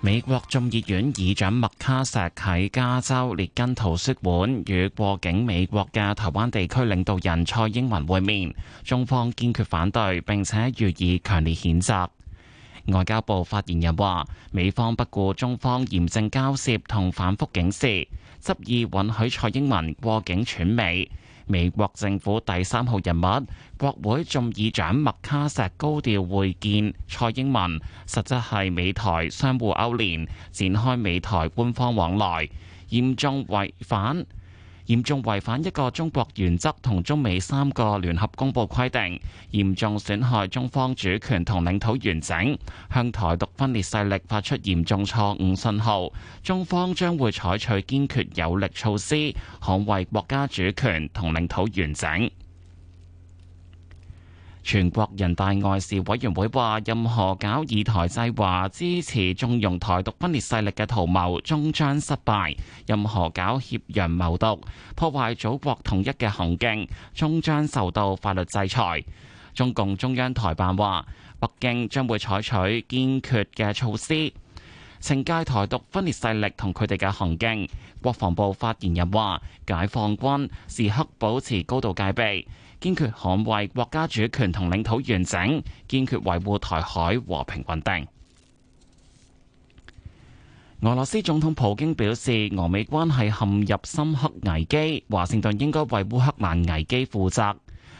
美國眾議院議長麥卡錫喺加州列根圖書館與過境美國嘅台灣地區領導人蔡英文會面，中方堅決反對，並且予以強烈譴責。外交部發言人話，美方不顧中方嚴正交涉同反覆警示。執意允許蔡英文過境竄美。美國政府第三號人物、國會眾議長麥卡錫高調會見蔡英文，實質係美台相互勾連，展開美台官方往來，嚴重違反。嚴重違反一個中國原則同中美三個聯合公佈規定，嚴重損害中方主權同領土完整，向台獨分裂勢力發出嚴重錯誤信號。中方將會採取堅決有力措施，捍衛國家主權同領土完整。全國人大外事委員會話：任何搞以台制華、支持縱容台獨分裂勢力嘅圖謀，終將失敗；任何搞挾洋謀獨、破壞祖國統一嘅行徑，終將受到法律制裁。中共中央台辦話：北京將會採取堅決嘅措施，懲戒台獨分裂勢力同佢哋嘅行徑。國防部發言人話：解放軍時刻保持高度戒備。堅決捍衛國家主權同領土完整，堅決維護台海和平穩定。俄羅斯總統普京表示，俄美關係陷入深刻危機，華盛頓應該為烏克蘭危機負責。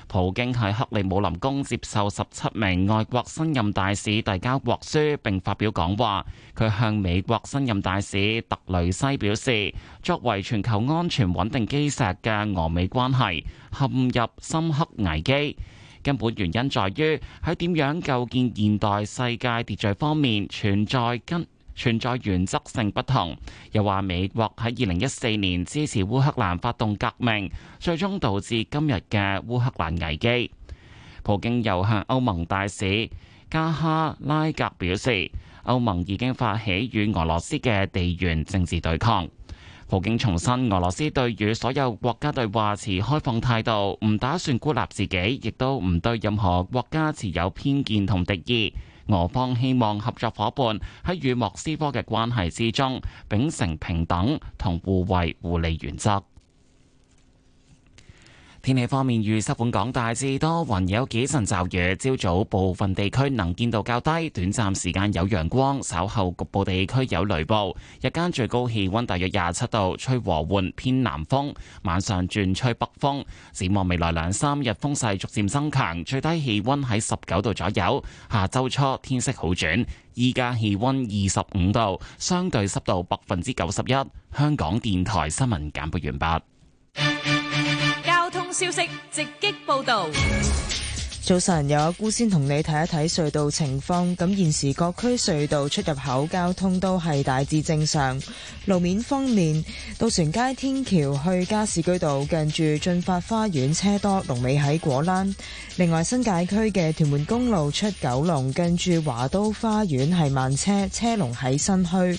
普京喺克里姆林宮接受十七名外國新任大使遞交國書，並發表講話。佢向美國新任大使特雷西表示，作為全球安全穩定基石嘅俄美關係陷入深刻危機，根本原因在於喺點樣構建現代世界秩序方面存在根。存在原則性不同，又話美國喺二零一四年支持烏克蘭發動革命，最終導致今日嘅烏克蘭危機。普京又向歐盟大使加哈拉格表示，歐盟已經發起與俄羅斯嘅地緣政治對抗。普京重申，俄羅斯對與所有國家對話持開放態度，唔打算孤立自己，亦都唔對任何國家持有偏見同敵意。俄方希望合作伙伴喺與莫斯科嘅關係之中，秉承平等同互惠互利原則。天氣方面，預測本港大致多雲，有幾陣驟雨。朝早部分地區能見度較低，短暫時間有陽光，稍後局部地區有雷暴。日間最高氣溫大約廿七度，吹和緩偏南風，晚上轉吹北風。展望未來兩三日風勢逐漸增強，最低氣溫喺十九度左右。下周初天色好轉，依家氣溫二十五度，相對濕度百分之九十一。香港電台新聞簡報完畢。消息直擊報道。早晨，有阿姑先同你睇一睇隧道情況。咁現時各區隧道出入口交通都係大致正常。路面方面，渡船街天橋去加士居道，近住駿發花園車多，龍尾喺果欄。另外，新界區嘅屯門公路出九龍，近住華都花園係慢車，車龍喺新墟。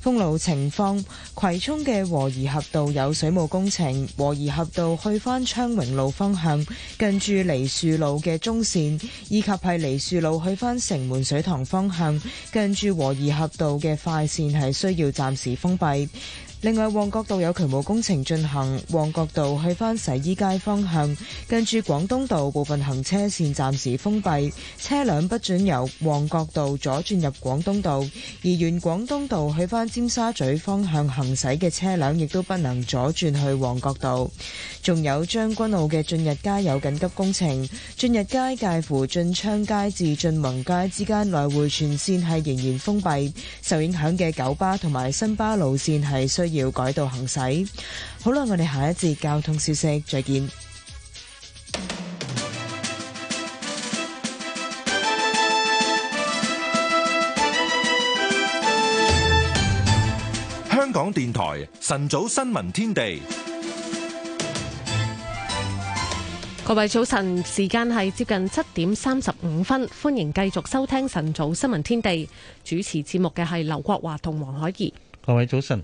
封路情況：葵涌嘅和宜合道有水務工程，和宜合道去返昌榮路方向，近住梨樹路嘅中線，以及係梨樹路去返城門水塘方向，近住和宜合道嘅快線係需要暫時封閉。另外，旺角道有渠務工程進行，旺角道去翻洗衣街方向，近住廣東道部分行車線暫時封閉，車輛不准由旺角道左轉入廣東道；而沿廣東道去翻尖沙咀方向行駛嘅車輛亦都不能左轉去旺角道。仲有將軍澳嘅駿日街有緊急工程，駿日街介乎駿昌街至駿宏街之間來回全線係仍然封閉，受影響嘅九巴同埋新巴路線係需。要改道行駛。好啦，我哋下一節交通消息再見。香港電台晨早新聞天地，各位早晨，時間係接近七點三十五分，歡迎繼續收聽晨早新聞天地。主持節目嘅係劉國華同黃海怡。各位早晨。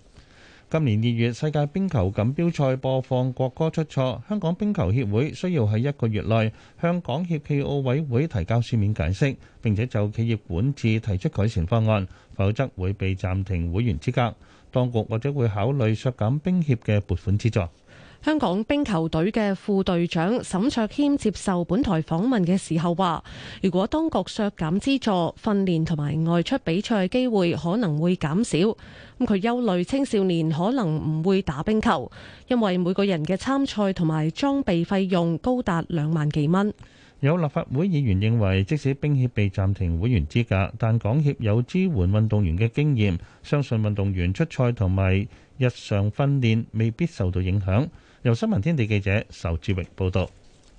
今年二月世界冰球錦標賽播放國歌出錯，香港冰球協會需要喺一個月內向港協暨奧委會提交書面解釋，並且就企業管治提出改善方案，否則會被暫停會員資格。當局或者會考慮削減冰協嘅撥款資助。香港冰球隊嘅副隊長沈卓謙接受本台訪問嘅時候話，如果當局削減資助，訓練同埋外出比賽機會可能會減少。咁佢憂慮青少年可能唔會打冰球，因為每個人嘅參賽同埋裝備費用高達兩萬幾蚊。有立法會議員認為即使冰協被暫停會員資格，但港協有支援運動員嘅經驗，相信運動員出賽同埋日常訓練未必受到影響。由新聞天地記者仇志榮報道。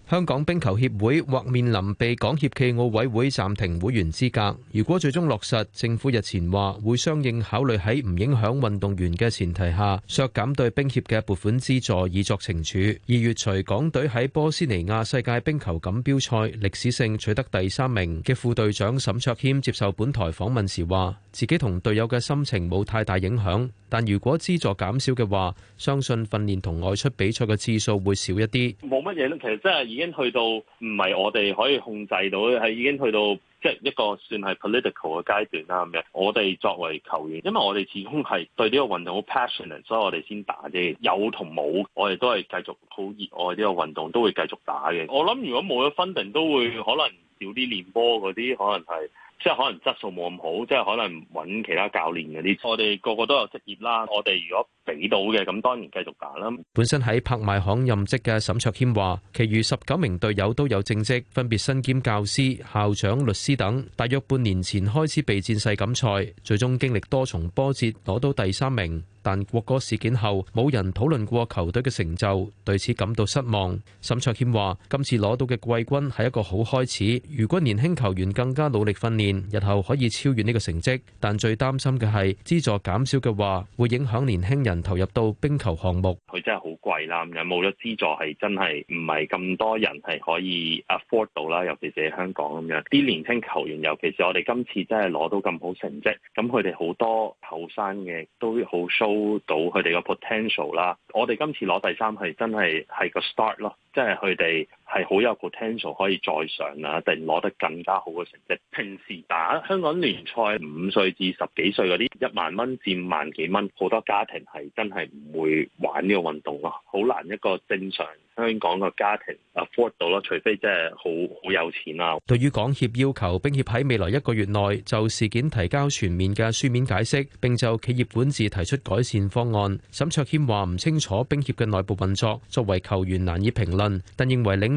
香港冰球協會或面臨被港協暨奧委會暫停會員資格。如果最終落實，政府日前話會相應考慮喺唔影響運動員嘅前提下削減對冰協嘅撥款資助以作懲處。二月，隨港隊喺波斯尼亞世界冰球錦標賽歷史性取得第三名嘅副隊長沈卓謙接受本台訪問時話：自己同隊友嘅心情冇太大影響，但如果資助減少嘅話，相信訓練同外出比賽嘅次數會少一啲。冇乜嘢咯，其實真係。已經去到唔係我哋可以控制到，係已經去到即係一個算係 political 嘅階段啦。咁樣，我哋作為球員，因為我哋始終係對呢個運動好 passionate，所以我哋先打啫。有同冇，我哋都係繼續好熱愛呢個運動，都會繼續打嘅。我諗如果冇咗 funding，都會可能少啲練波嗰啲，可能係即係可能質素冇咁好，即係可能揾其他教練嗰啲。我哋個個都有職業啦，我哋如果。俾到嘅，咁當然繼續打啦。本身喺拍賣行任職嘅沈卓謙話：其餘十九名隊友都有正職，分別身兼教師、校長、律師等。大約半年前開始備戰世錦賽，最終經歷多重波折攞到第三名。但國歌事件後，冇人討論過球隊嘅成就，對此感到失望。沈卓謙話：今次攞到嘅季軍係一個好開始。如果年輕球員更加努力訓練，日後可以超越呢個成績。但最擔心嘅係資助減少嘅話，會影響年輕人。投入到冰球項目，佢真係好貴啦。咁樣冇咗資助，係真係唔係咁多人係可以 afford 到啦。尤其是喺香港咁樣，啲年輕球員，尤其是我哋今次真係攞到咁好成績，咁佢哋好多後生嘅都好 show 到佢哋個 potential 啦。我哋今次攞第三，係真係係個 start 咯，即係佢哋。係好有 potential 可以再上啊，定攞得更加好嘅成績。平時打香港聯賽，五歲至十幾歲嗰啲一萬蚊至萬幾蚊，好多家庭係真係唔會玩呢個運動咯，好難一個正常香港嘅家庭 afford 到咯，除非即係好好有錢啊。對於港協要求冰協喺未來一個月內就事件提交全面嘅書面解釋，並就企業管治提出改善方案，沈卓謙話唔清楚冰協嘅內部運作，作為球員難以評論，但認為領。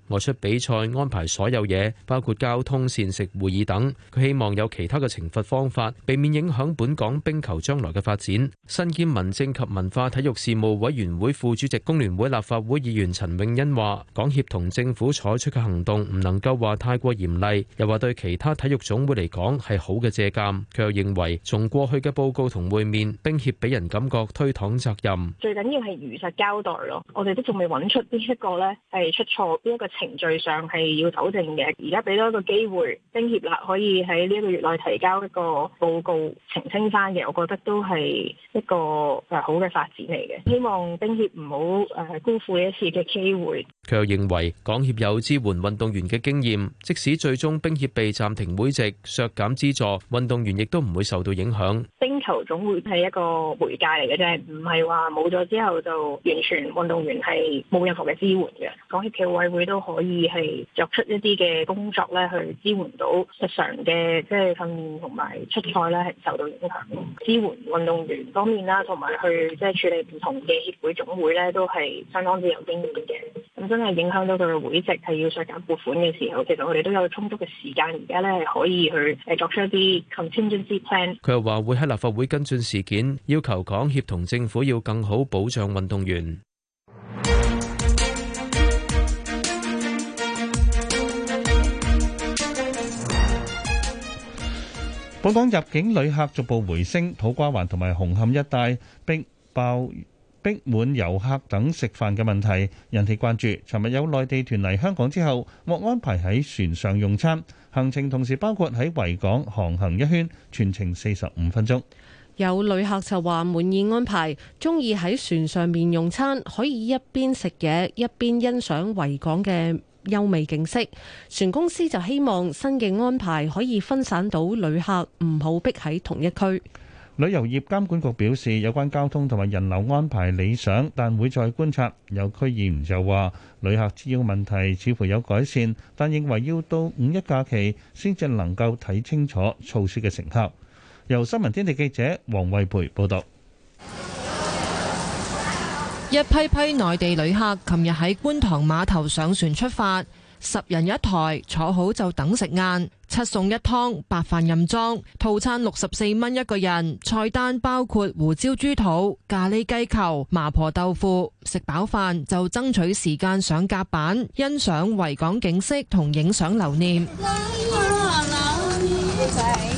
外出比賽安排所有嘢，包括交通、膳食、會議等。佢希望有其他嘅懲罰方法，避免影響本港冰球將來嘅發展。身兼民政及文化體育事務委員會副主席、工聯會立法會議員陳永欣話：港協同政府採取嘅行動唔能夠話太過嚴厲，又話對其他體育總會嚟講係好嘅借鑑。佢又認為從過去嘅報告同會面，冰協俾人感覺推搪責任。最緊要係如實交代咯，我哋都仲未揾出邊一個咧係出錯，邊一個。程序上係要糾正嘅，而家俾多一個機會冰協啦，可以喺呢一個月內提交一個報告澄清翻嘅。我覺得都係一個誒好嘅發展嚟嘅。希望冰協唔好誒辜負一次嘅機會。佢又認為港協有支援運動員嘅經驗，即使最終冰協被暫停會籍、削減資助，運動員亦都唔會受到影響。冰球總會係一個媒介嚟嘅啫，唔係話冇咗之後就完全運動員係冇任何嘅支援嘅。港協暨奧委會都好。可以係作出一啲嘅工作咧，去支援到日常嘅即係訓練同埋出賽咧，係受到影響。支援運動員方面啦，同埋去即係處理唔同嘅協會總會咧，都係相當之有經驗嘅。咁真係影響到佢嘅會籍係要削減撥款嘅時候，其實我哋都有充足嘅時間，而家咧係可以去誒作出一啲 contingency plan。佢又話會喺立法會跟進事件，要求港協同政府要更好保障運動員。本港入境旅客逐步回升，土瓜灣同埋紅磡一帶逼爆逼滿遊客等食飯嘅問題，人哋關注。尋日有內地團嚟香港之後，獲安排喺船上用餐，行程同時包括喺維港航行一圈，全程四十五分鐘。有旅客就話滿意安排，中意喺船上面用餐，可以一邊食嘢一邊欣賞維港嘅優美景色，船公司就希望新嘅安排可以分散到旅客，唔好逼喺同一區。旅遊業監管局表示，有關交通同埋人流安排理想，但會再觀察。有區議員就話，旅客主要問題似乎有改善，但認為要到五一假期先至能夠睇清楚措施嘅成效。由新聞天地記者黃慧培報道。一批批內地旅客琴日喺觀塘碼頭上船出發，十人一台坐好就等食晏，七餸一湯，白飯任裝，套餐六十四蚊一個人，菜單包括胡椒豬肚、咖喱雞球、麻婆豆腐，食飽飯就爭取時間上甲板欣賞維港景色同影相留念。哎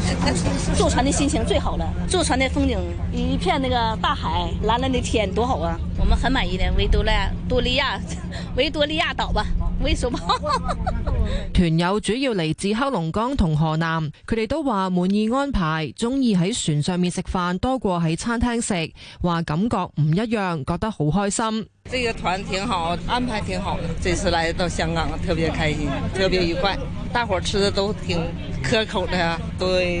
坐船的心情最好了，坐船的風景一片那個大海，藍藍的天，多好啊！我們很滿意的維多利亞，維多利亞島吧，為什麼？ 團友主要嚟自黑龍江同河南，佢哋都話滿意安排，中意喺船上面食飯多過喺餐廳食，話感覺唔一樣，覺得好開心。這個團挺好，安排挺好的。這次來到香港，特別開心，特別愉快。大伙吃的都挺可口的，對。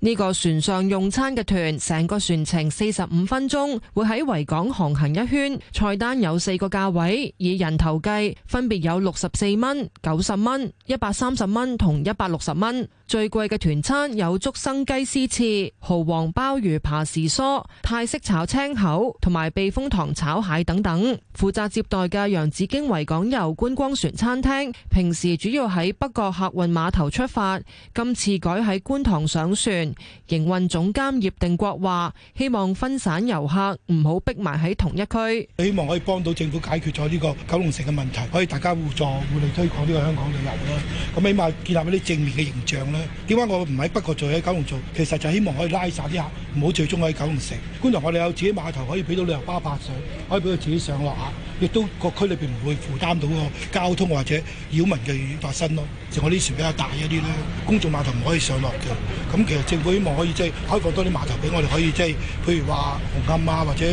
呢個船上用餐嘅團，成個船程四十五分鐘，會喺維港航行一圈。菜單有四個價位，以人頭計，分別有六十四蚊、九十蚊、一百三十蚊同一百六十蚊。最貴嘅團餐有竹笙雞絲翅、蠔皇鮑魚扒時蔬、泰式炒青口同埋避風塘炒蟹等等。負責接待嘅洋紫荊維港遊觀光船餐廳，平時主要喺北角客運碼頭出發，今次改喺觀塘上船。營運總監葉定國話希望分散遊客，唔好逼埋喺同一區。希望可以幫到政府解決咗呢個九龍城嘅問題，可以大家互助、互利推廣呢個香港旅遊啦。咁起碼建立一啲正面嘅形象啦。點解我唔喺北角做，喺九龍做？其實就希望可以拉晒啲客，唔好最終喺九龍城。觀塘我哋有自己碼頭，可以俾到旅遊巴泊水，可以俾佢自己上落客，亦都各區裏邊唔會負擔到個交通或者擾民嘅嘢發生囉。就我呢啲船比較大一啲啦，公眾碼頭唔可以上落嘅。咁其實即係。我希望可以即係開放多啲碼頭俾我哋可以即係，譬如話紅磡啊，或者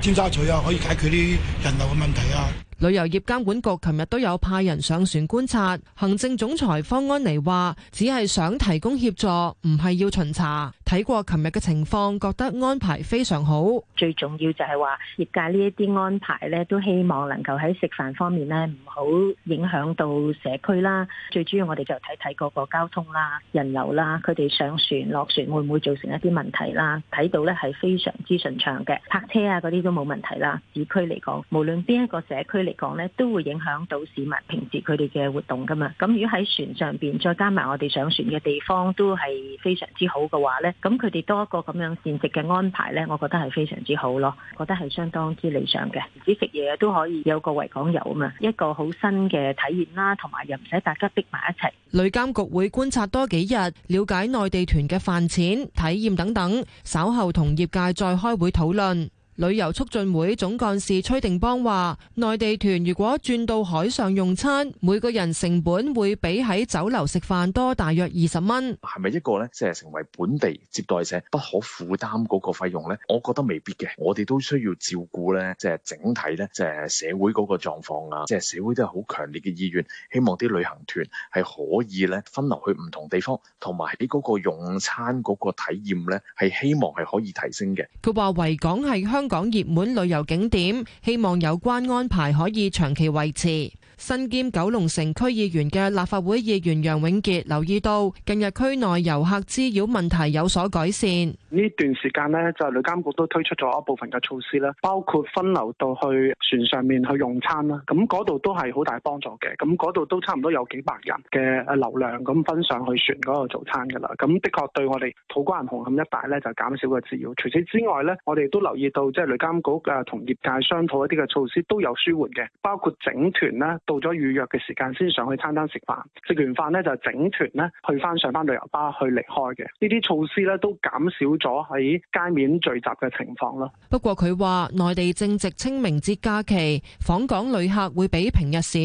尖沙咀啊，可以解決啲人流嘅問題啊。旅遊業監管局琴日都有派人上船觀察，行政總裁方安妮話只係想提供協助，唔係要巡查。睇過琴日嘅情況，覺得安排非常好。最重要就係話業界呢一啲安排咧，都希望能夠喺食飯方面咧唔好影響到社區啦。最主要我哋就睇睇個交通啦、人流啦，佢哋上船落船會唔會造成一啲問題啦？睇到咧係非常之順暢嘅，泊車啊嗰啲都冇問題啦。市區嚟講，無論邊一個社區嚟講咧，都會影響到市民平時佢哋嘅活動噶嘛。咁如果喺船上邊再加埋我哋上船嘅地方都係非常之好嘅話咧。咁佢哋多一個咁樣膳食嘅安排呢，我覺得係非常之好咯，覺得係相當之理想嘅。唔止食嘢都可以有個維港遊啊嘛，一個好新嘅體驗啦，同埋又唔使大家逼埋一齊。旅監局會觀察多幾日，了解內地團嘅飯錢、體驗等等，稍後同業界再開會討論。旅遊促進會總幹事崔定邦話，內地團如果轉到海上用餐，每個人成本會比喺酒樓食飯多大約二十蚊。係咪一個咧？即係成為本地接待者不可負擔嗰個費用咧？我覺得未必嘅，我哋都需要照顧咧，即係整體咧，即係社會嗰個狀況啊，即係社會都係好強烈嘅意願，希望啲旅行團係可以咧分流去唔同地方，同埋喺嗰個用餐嗰個體驗咧，係希望係可以提升嘅。佢話維港係香。香港熱門旅遊景點，希望有關安排可以長期維持。身兼九龍城區議員嘅立法會議員楊永杰留意到，近日區內遊客滋擾問題有所改善。呢段時間呢，就旅監局都推出咗一部分嘅措施啦，包括分流到去船上面去用餐啦。咁嗰度都係好大幫助嘅。咁嗰度都差唔多有幾百人嘅流量，咁分上去船嗰度做餐噶啦。咁的確對我哋土瓜灣紅磡一帶咧，就減少個滋擾。除此之外咧，我哋都留意到，即係旅監局啊同業界商討一啲嘅措施都有舒緩嘅，包括整團啦。到咗預約嘅時間，先上去餐廳食飯。食完飯呢，就整團呢去返上返旅遊巴去離開嘅。呢啲措施呢，都減少咗喺街面聚集嘅情況咯。不過佢話，內地正值清明節假期，訪港旅客會比平日少，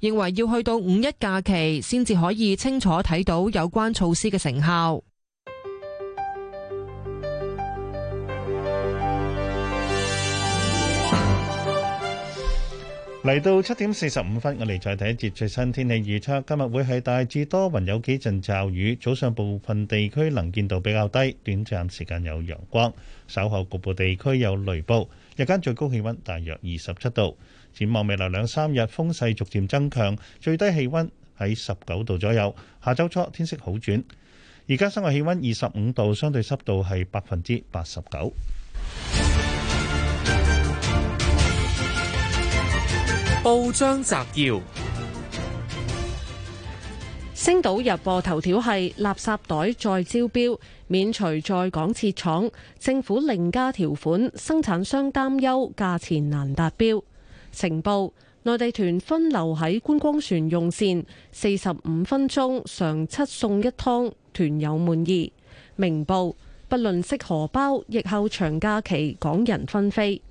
認為要去到五一假期先至可以清楚睇到有關措施嘅成效。嚟到七點四十五分，我哋再睇一節最新天氣預測。今日會係大致多雲，有幾陣驟雨。早上部分地區能見度比較低，短暫時間有陽光，稍後局部地區有雷暴。日間最高氣溫大約二十七度。展望未來兩三日，風勢逐漸增強，最低氣溫喺十九度左右。下周初天色好轉。而家室外氣溫二十五度，相對濕度係百分之八十九。報章摘要：星島日報頭條係垃圾袋再招標，免除在港設廠，政府另加條款，生產商擔憂價錢難達標。成報內地團分流喺觀光船用膳，四十五分鐘，常七餸一湯，團友滿意。明報不論識荷包，疫後長假期，港人分飛。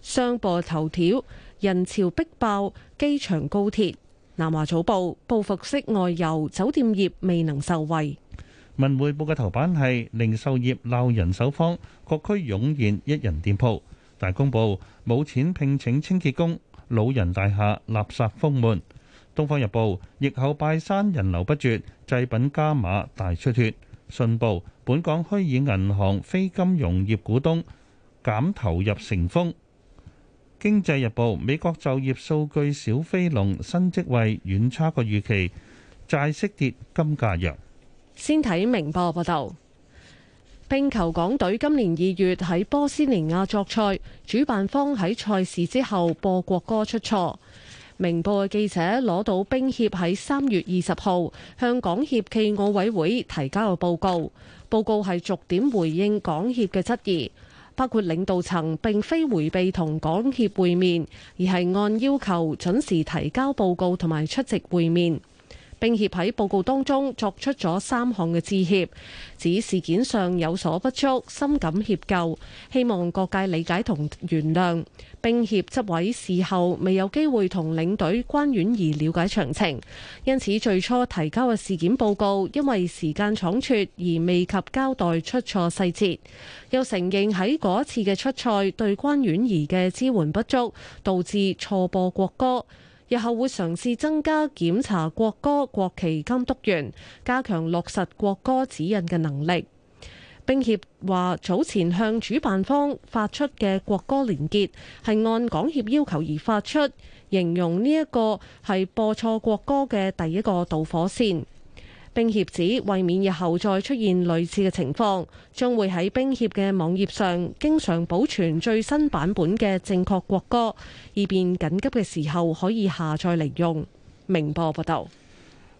商報頭條。人潮逼爆機場高鐵。南華早報，報復式外遊，酒店業未能受惠。文匯報嘅頭版係零售業鬧人手荒，各區湧現一人店鋪。大公報，冇錢聘請清潔工，老人大廈垃，垃圾封門。東方日報，疫後拜山人流不絕，祭品加碼大出血。信報，本港虛擬銀行非金融業股東減投入成風。《經濟日報》美國就業數據，小飛龍，新職位遠差過預期，債息跌金價弱，金價弱。先睇明報報導，冰球港隊今年二月喺波斯尼亞作賽，主辦方喺賽事之後播國歌出錯。明報嘅記者攞到冰協喺三月二十號向港協暨奧委會提交嘅報告，報告係逐點回應港協嘅質疑。包括領導層並非迴避同港協會面，而係按要求準時提交報告同埋出席會面。並協喺報告當中作出咗三項嘅致歉，指事件上有所不足，深感歉疚，希望各界理解同原諒。冰協執委事後未有機會同領隊關婉儀了解詳情，因此最初提交嘅事件報告因為時間倉促而未及交代出錯細節，又承認喺嗰次嘅出賽對關婉儀嘅支援不足，導致錯播國歌。日後會嘗試增加檢查國歌國旗監督員，加強落實國歌指引嘅能力。冰協話早前向主辦方發出嘅國歌連結係按港協要求而發出，形容呢一個係播錯國歌嘅第一個導火線。冰協指為免日後再出現類似嘅情況，將會喺冰協嘅網頁上經常保存最新版本嘅正確國歌，以便緊急嘅時候可以下載嚟用。明報報道。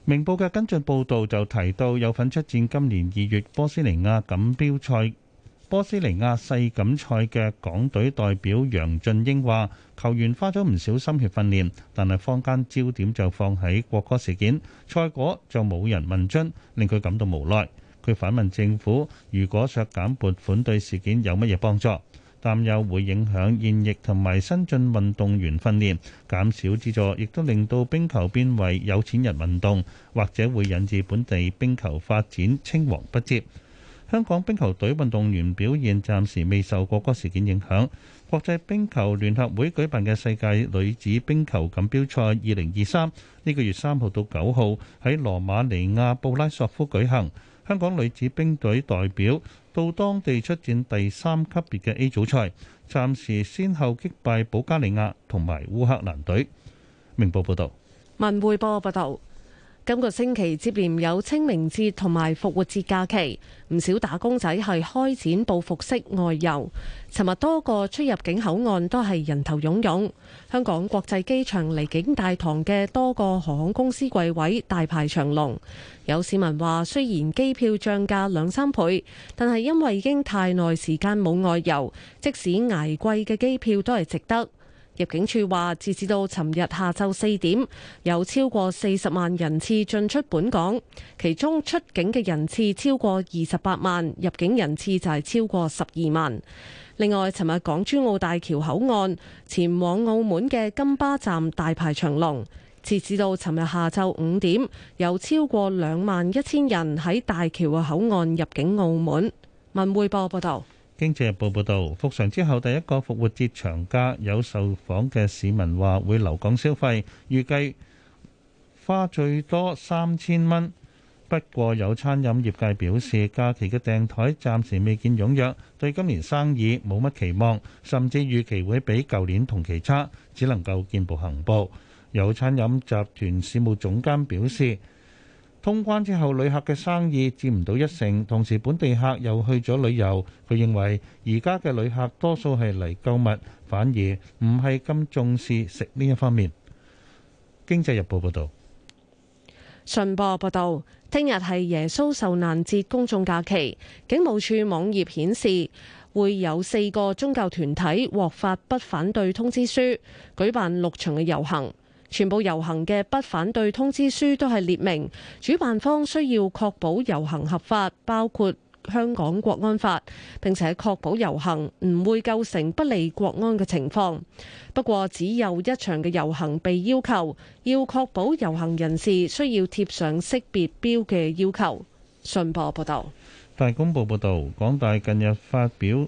明報嘅跟進報道就提到，有份出戰今年二月波斯尼亞錦標賽波斯尼亞世錦賽嘅港隊代表楊俊英話球員花咗唔少心血訓練，但係坊間焦點就放喺國歌事件，賽果就冇人問津，令佢感到無奈。佢反問政府，如果削減撥款對事件有乜嘢幫助？擔憂會影響現役同埋新進運動員訓練，減少資助，亦都令到冰球變為有錢人運動，或者會引致本地冰球發展青黃不接。香港冰球隊運動員表現暫時未受過個事件影響。國際冰球聯合會舉辦嘅世界女子冰球錦標賽二零二三，呢個月三號到九號喺羅馬尼亞布拉索夫舉行，香港女子冰隊代表。到當地出戰第三級別嘅 A 組賽，暫時先後擊敗保加利亞同埋烏克蘭隊。明報報道：文匯報報道，今個星期接連有清明節同埋復活節假期。唔少打工仔係開展報復式外遊。尋日多個出入境口岸都係人頭湧湧。香港國際機場離境大堂嘅多個航空公司櫃位大排長龍。有市民話：雖然機票漲價兩三倍，但係因為已經太耐時間冇外遊，即使捱貴嘅機票都係值得。入境處話，截至到尋日下晝四點，有超過四十萬人次進出本港，其中出境嘅人次超過二十八萬，入境人次就係超過十二萬。另外，尋日港珠澳大橋口岸前往澳門嘅金巴站大排長龍，截至到尋日下晝五點，有超過兩萬一千人喺大橋嘅口岸入境澳門。文匯報報道。《經濟日報》報導，復常之後第一個復活節長假有受訪嘅市民話會留港消費，預計花最多三千蚊。不過有餐飲業界表示，假期嘅訂台暫時未見踴躍，對今年生意冇乜期望，甚至預期會比舊年同期差，只能夠見步行步。有餐飲集團事務總監表示。通關之後，旅客嘅生意佔唔到一成，同時本地客又去咗旅遊。佢認為而家嘅旅客多數係嚟購物，反而唔係咁重視食呢一方面。經濟日報報道，信報報道，聽日係耶穌受難節公眾假期，警務處網頁顯示會有四個宗教團體獲發不反對通知書，舉辦六場嘅遊行。全部遊行嘅不反對通知書都係列明，主辦方需要確保遊行合法，包括香港國安法，並且確保遊行唔會構成不利國安嘅情況。不過，只有一場嘅遊行被要求要確保遊行人士需要貼上識別標嘅要求。信報報道，大公報報道，港大近日發表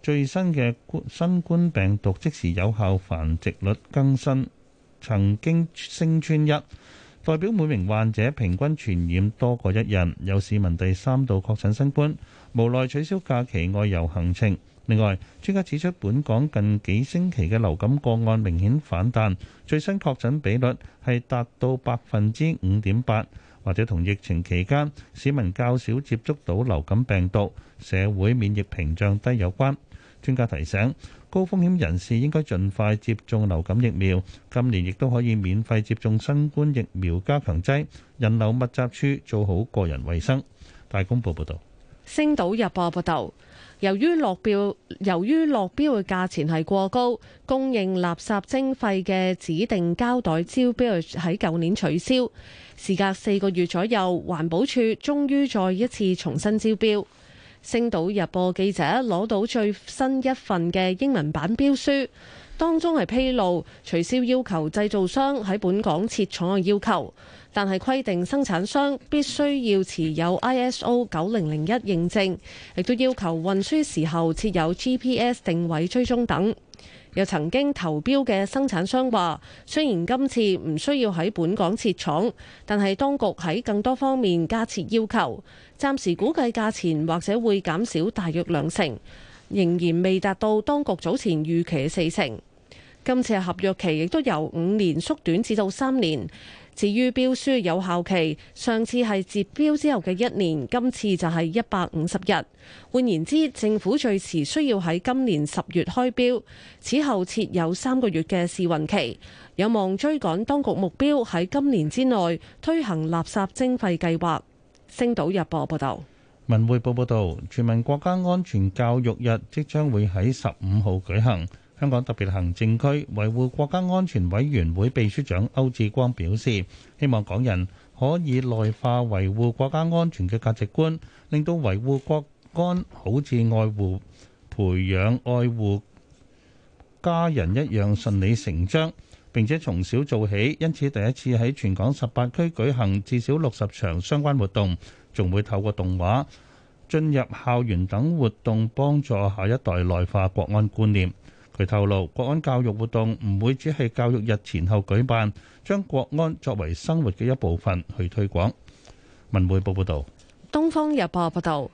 最新嘅新冠病毒即時有效繁殖率更新。曾經升穿一，代表每名患者平均傳染多過一人。有市民第三度確診新冠，無奈取消假期外遊行程。另外，專家指出，本港近幾星期嘅流感個案明顯反彈，最新確診比率係達到百分之五點八，或者同疫情期間市民較少接觸到流感病毒、社會免疫屏障低有關。專家提醒，高風險人士應該盡快接種流感疫苗，今年亦都可以免費接種新冠疫苗加強劑。人流密集處做好個人衛生。大公報報導，星島日報報導，由於落標，由於落標嘅價錢係過高，供應垃圾徵費嘅指定膠袋招標喺舊年取消，時隔四個月左右，環保署終於再一次重新招標。星島日報記者攞到最新一份嘅英文版標書，當中係披露取消要求製造商喺本港設廠嘅要求，但係規定生產商必須要持有 ISO 九零零一認證，亦都要求運輸時候設有 GPS 定位追蹤等。有曾經投標嘅生產商話：雖然今次唔需要喺本港設廠，但係當局喺更多方面加設要求。暫時估計價錢或者會減少大約兩成，仍然未達到當局早前預期嘅四成。今次嘅合約期亦都由五年縮短至到三年。至於標書有效期，上次係截標之後嘅一年，今次就係一百五十日。換言之，政府最遲需要喺今年十月開標，此後設有三個月嘅試運期，有望追趕當局目標喺今年之內推行垃圾徵費計劃。星島日報報道，文匯報報道，全民國家安全教育日即將會喺十五號舉行。香港特別行政區維護國家安全委員會秘書長歐志光表示，希望港人可以內化維護國家安全嘅價值觀，令到維護國安好似愛護、培養、愛護家人一樣順理成章。並且從小做起，因此第一次喺全港十八區舉行至少六十場相關活動，仲會透過動畫進入校園等活動，幫助下一代內化國安觀念。佢透露，國安教育活動唔會只係教育日前後舉辦，將國安作為生活嘅一部分去推廣。文匯報報導，東方日報報導。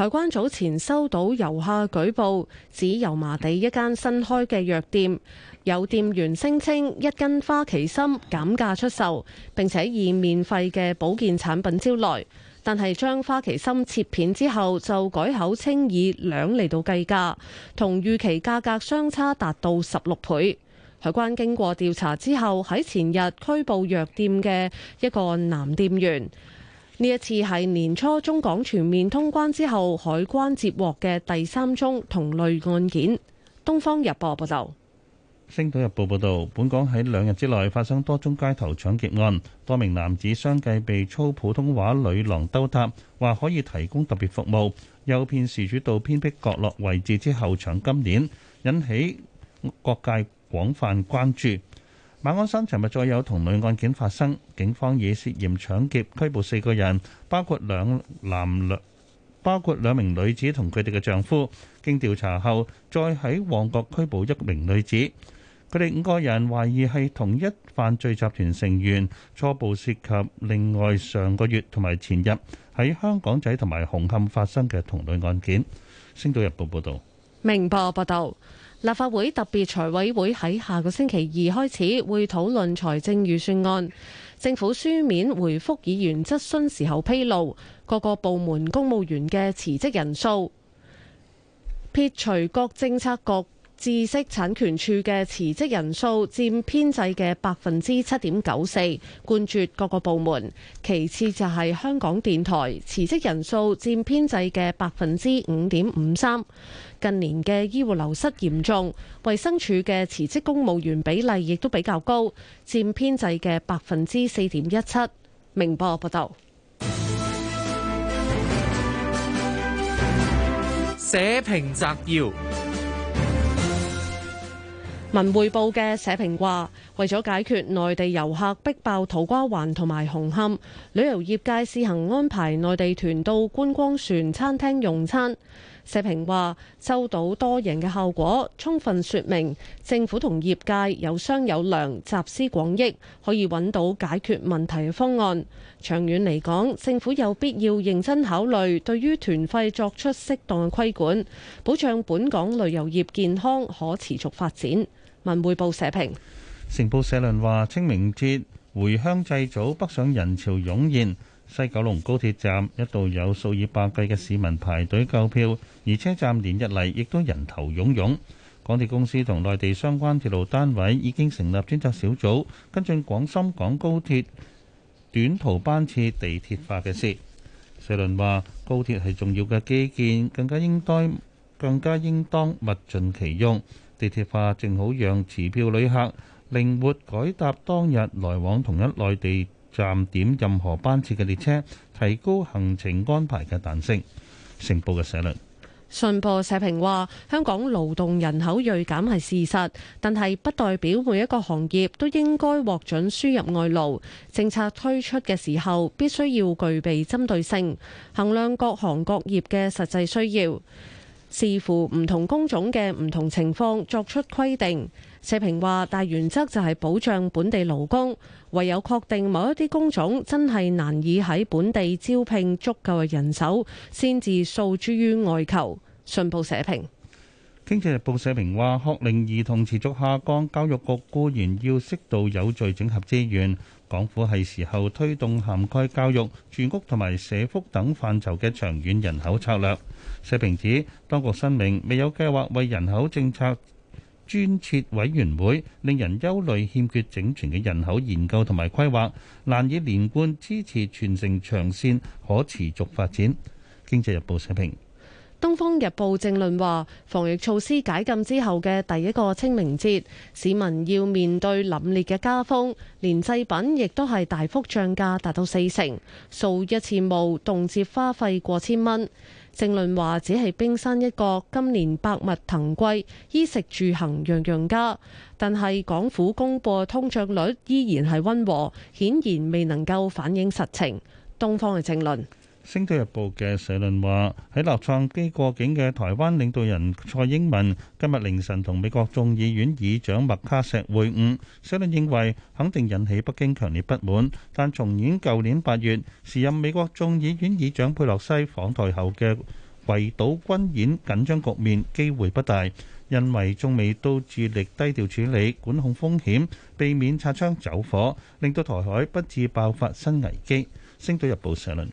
海關早前收到遊客舉報，指油麻地一間新開嘅藥店有店員聲稱一斤花旗參減價出售，並且以免費嘅保健產品招徠，但係將花旗參切片之後就改口稱以兩嚟到計價，同預期價格相差達到十六倍。海關經過調查之後，喺前日拘捕藥店嘅一個男店員。呢一次係年初中港全面通關之後，海關接獲嘅第三宗同類案件。《東方日報》報道，《星島日報》報道，本港喺兩日之內發生多宗街頭搶劫案，多名男子相繼被操普通話女郎兜搭，話可以提供特別服務，誘騙事主到偏僻角落位置之後搶金鏈，引起各界廣泛關注。馬鞍山尋日再有同類案件發生，警方以涉嫌搶劫拘捕四個人，包括兩男兩包括兩名女子同佢哋嘅丈夫。經調查後，再喺旺角拘捕一名女子。佢哋五個人懷疑係同一犯罪集團成員，初步涉及另外上個月同埋前日喺香港仔同埋紅磡發生嘅同類案件。星島日報報道，明報報道。立法會特別財委會喺下個星期二開始會討論財政預算案。政府書面回覆議員質詢時候披露，各個部門公務員嘅辭職人數，撇除各政策局。知識產權處嘅辭職人數佔編制嘅百分之七點九四，冠絕各個部門。其次就係香港電台辭職人數佔編制嘅百分之五點五三。近年嘅醫護流失嚴重，衛生署嘅辭職公務員比例亦都比較高，佔編制嘅百分之四點一七。明報報道，社評摘要。文匯報嘅社評話，為咗解決內地遊客逼爆土瓜灣同埋紅磡，旅遊業界試行安排內地團到觀光船餐廳用餐。社評話，收到多贏嘅效果，充分說明政府同業界有商有量，集思廣益，可以揾到解決問題嘅方案。長遠嚟講，政府有必要認真考慮對於團費作出適當嘅規管，保障本港旅遊業健康可持續發展。文匯報社評，成報社論話：清明節回鄉祭祖，北上人潮湧現，西九龍高鐵站一度有數以百計嘅市民排隊購票，而車站連日嚟亦都人頭湧湧。港鐵公司同內地相關鐵路單位已經成立專責小組跟進廣深港高鐵短途班次地鐵化嘅事。社論話：高鐵係重要嘅基建，更加應該更加應當物盡其用。地鐵化正好讓持票旅客靈活改搭當日來往同一內地站點任何班次嘅列車，提高行程安排嘅彈性。城報嘅社論，信報社評話：香港勞動人口鋭減係事實，但係不代表每一個行業都應該獲准輸入外勞。政策推出嘅時候，必須要具備針對性，衡量各行各業嘅實際需要。視乎唔同工種嘅唔同情況作出規定，社評話大原則就係保障本地勞工，唯有確定某一啲工種真係難以喺本地招聘足夠嘅人手，先至訴諸於外求。信報社評，《經濟日報》社評話，學齡兒童持續下降，教育局固然要適度有序整合資源。港府係時候推動涵蓋教育、住屋同埋社福等範疇嘅長遠人口策略。社評指當局申明未有計劃為人口政策專設委員會，令人憂慮欠缺整全嘅人口研究同埋規劃，難以連貫支持全城長線可持續發展。經濟日報社評。《東方日報》正論話，防疫措施解禁之後嘅第一個清明節，市民要面對凛冽嘅加風，連製品亦都係大幅漲價，達到四成。掃一次墓，動輒花費過千蚊。正論話，只係冰山一角，今年百物騰貴，衣食住行樣樣加。但係港府公佈嘅通脹率依然係溫和，顯然未能夠反映實情。《東方》嘅正論。《星島日報》嘅社論話：喺立創基過境嘅台灣領導人蔡英文今日凌晨同美國眾議院議長麥卡錫會晤。社論認為肯定引起北京強烈不滿，但重演舊年八月時任美國眾議院議長佩洛西訪台後嘅圍島軍演緊張局面機會不大。因為中美都致力低調處理管控風險，避免擦槍走火，令到台海不致爆發新危機。《星島日報》社論。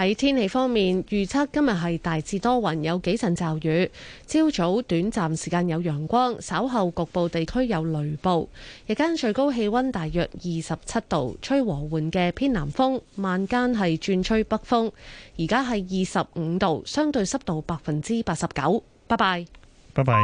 喺天氣方面，預測今日係大致多雲，有幾陣驟雨。朝早短暫時間有陽光，稍後局部地區有雷暴。日間最高氣溫大約二十七度，吹和緩嘅偏南風。晚間係轉吹北風。而家係二十五度，相對濕度百分之八十九。拜拜。拜拜。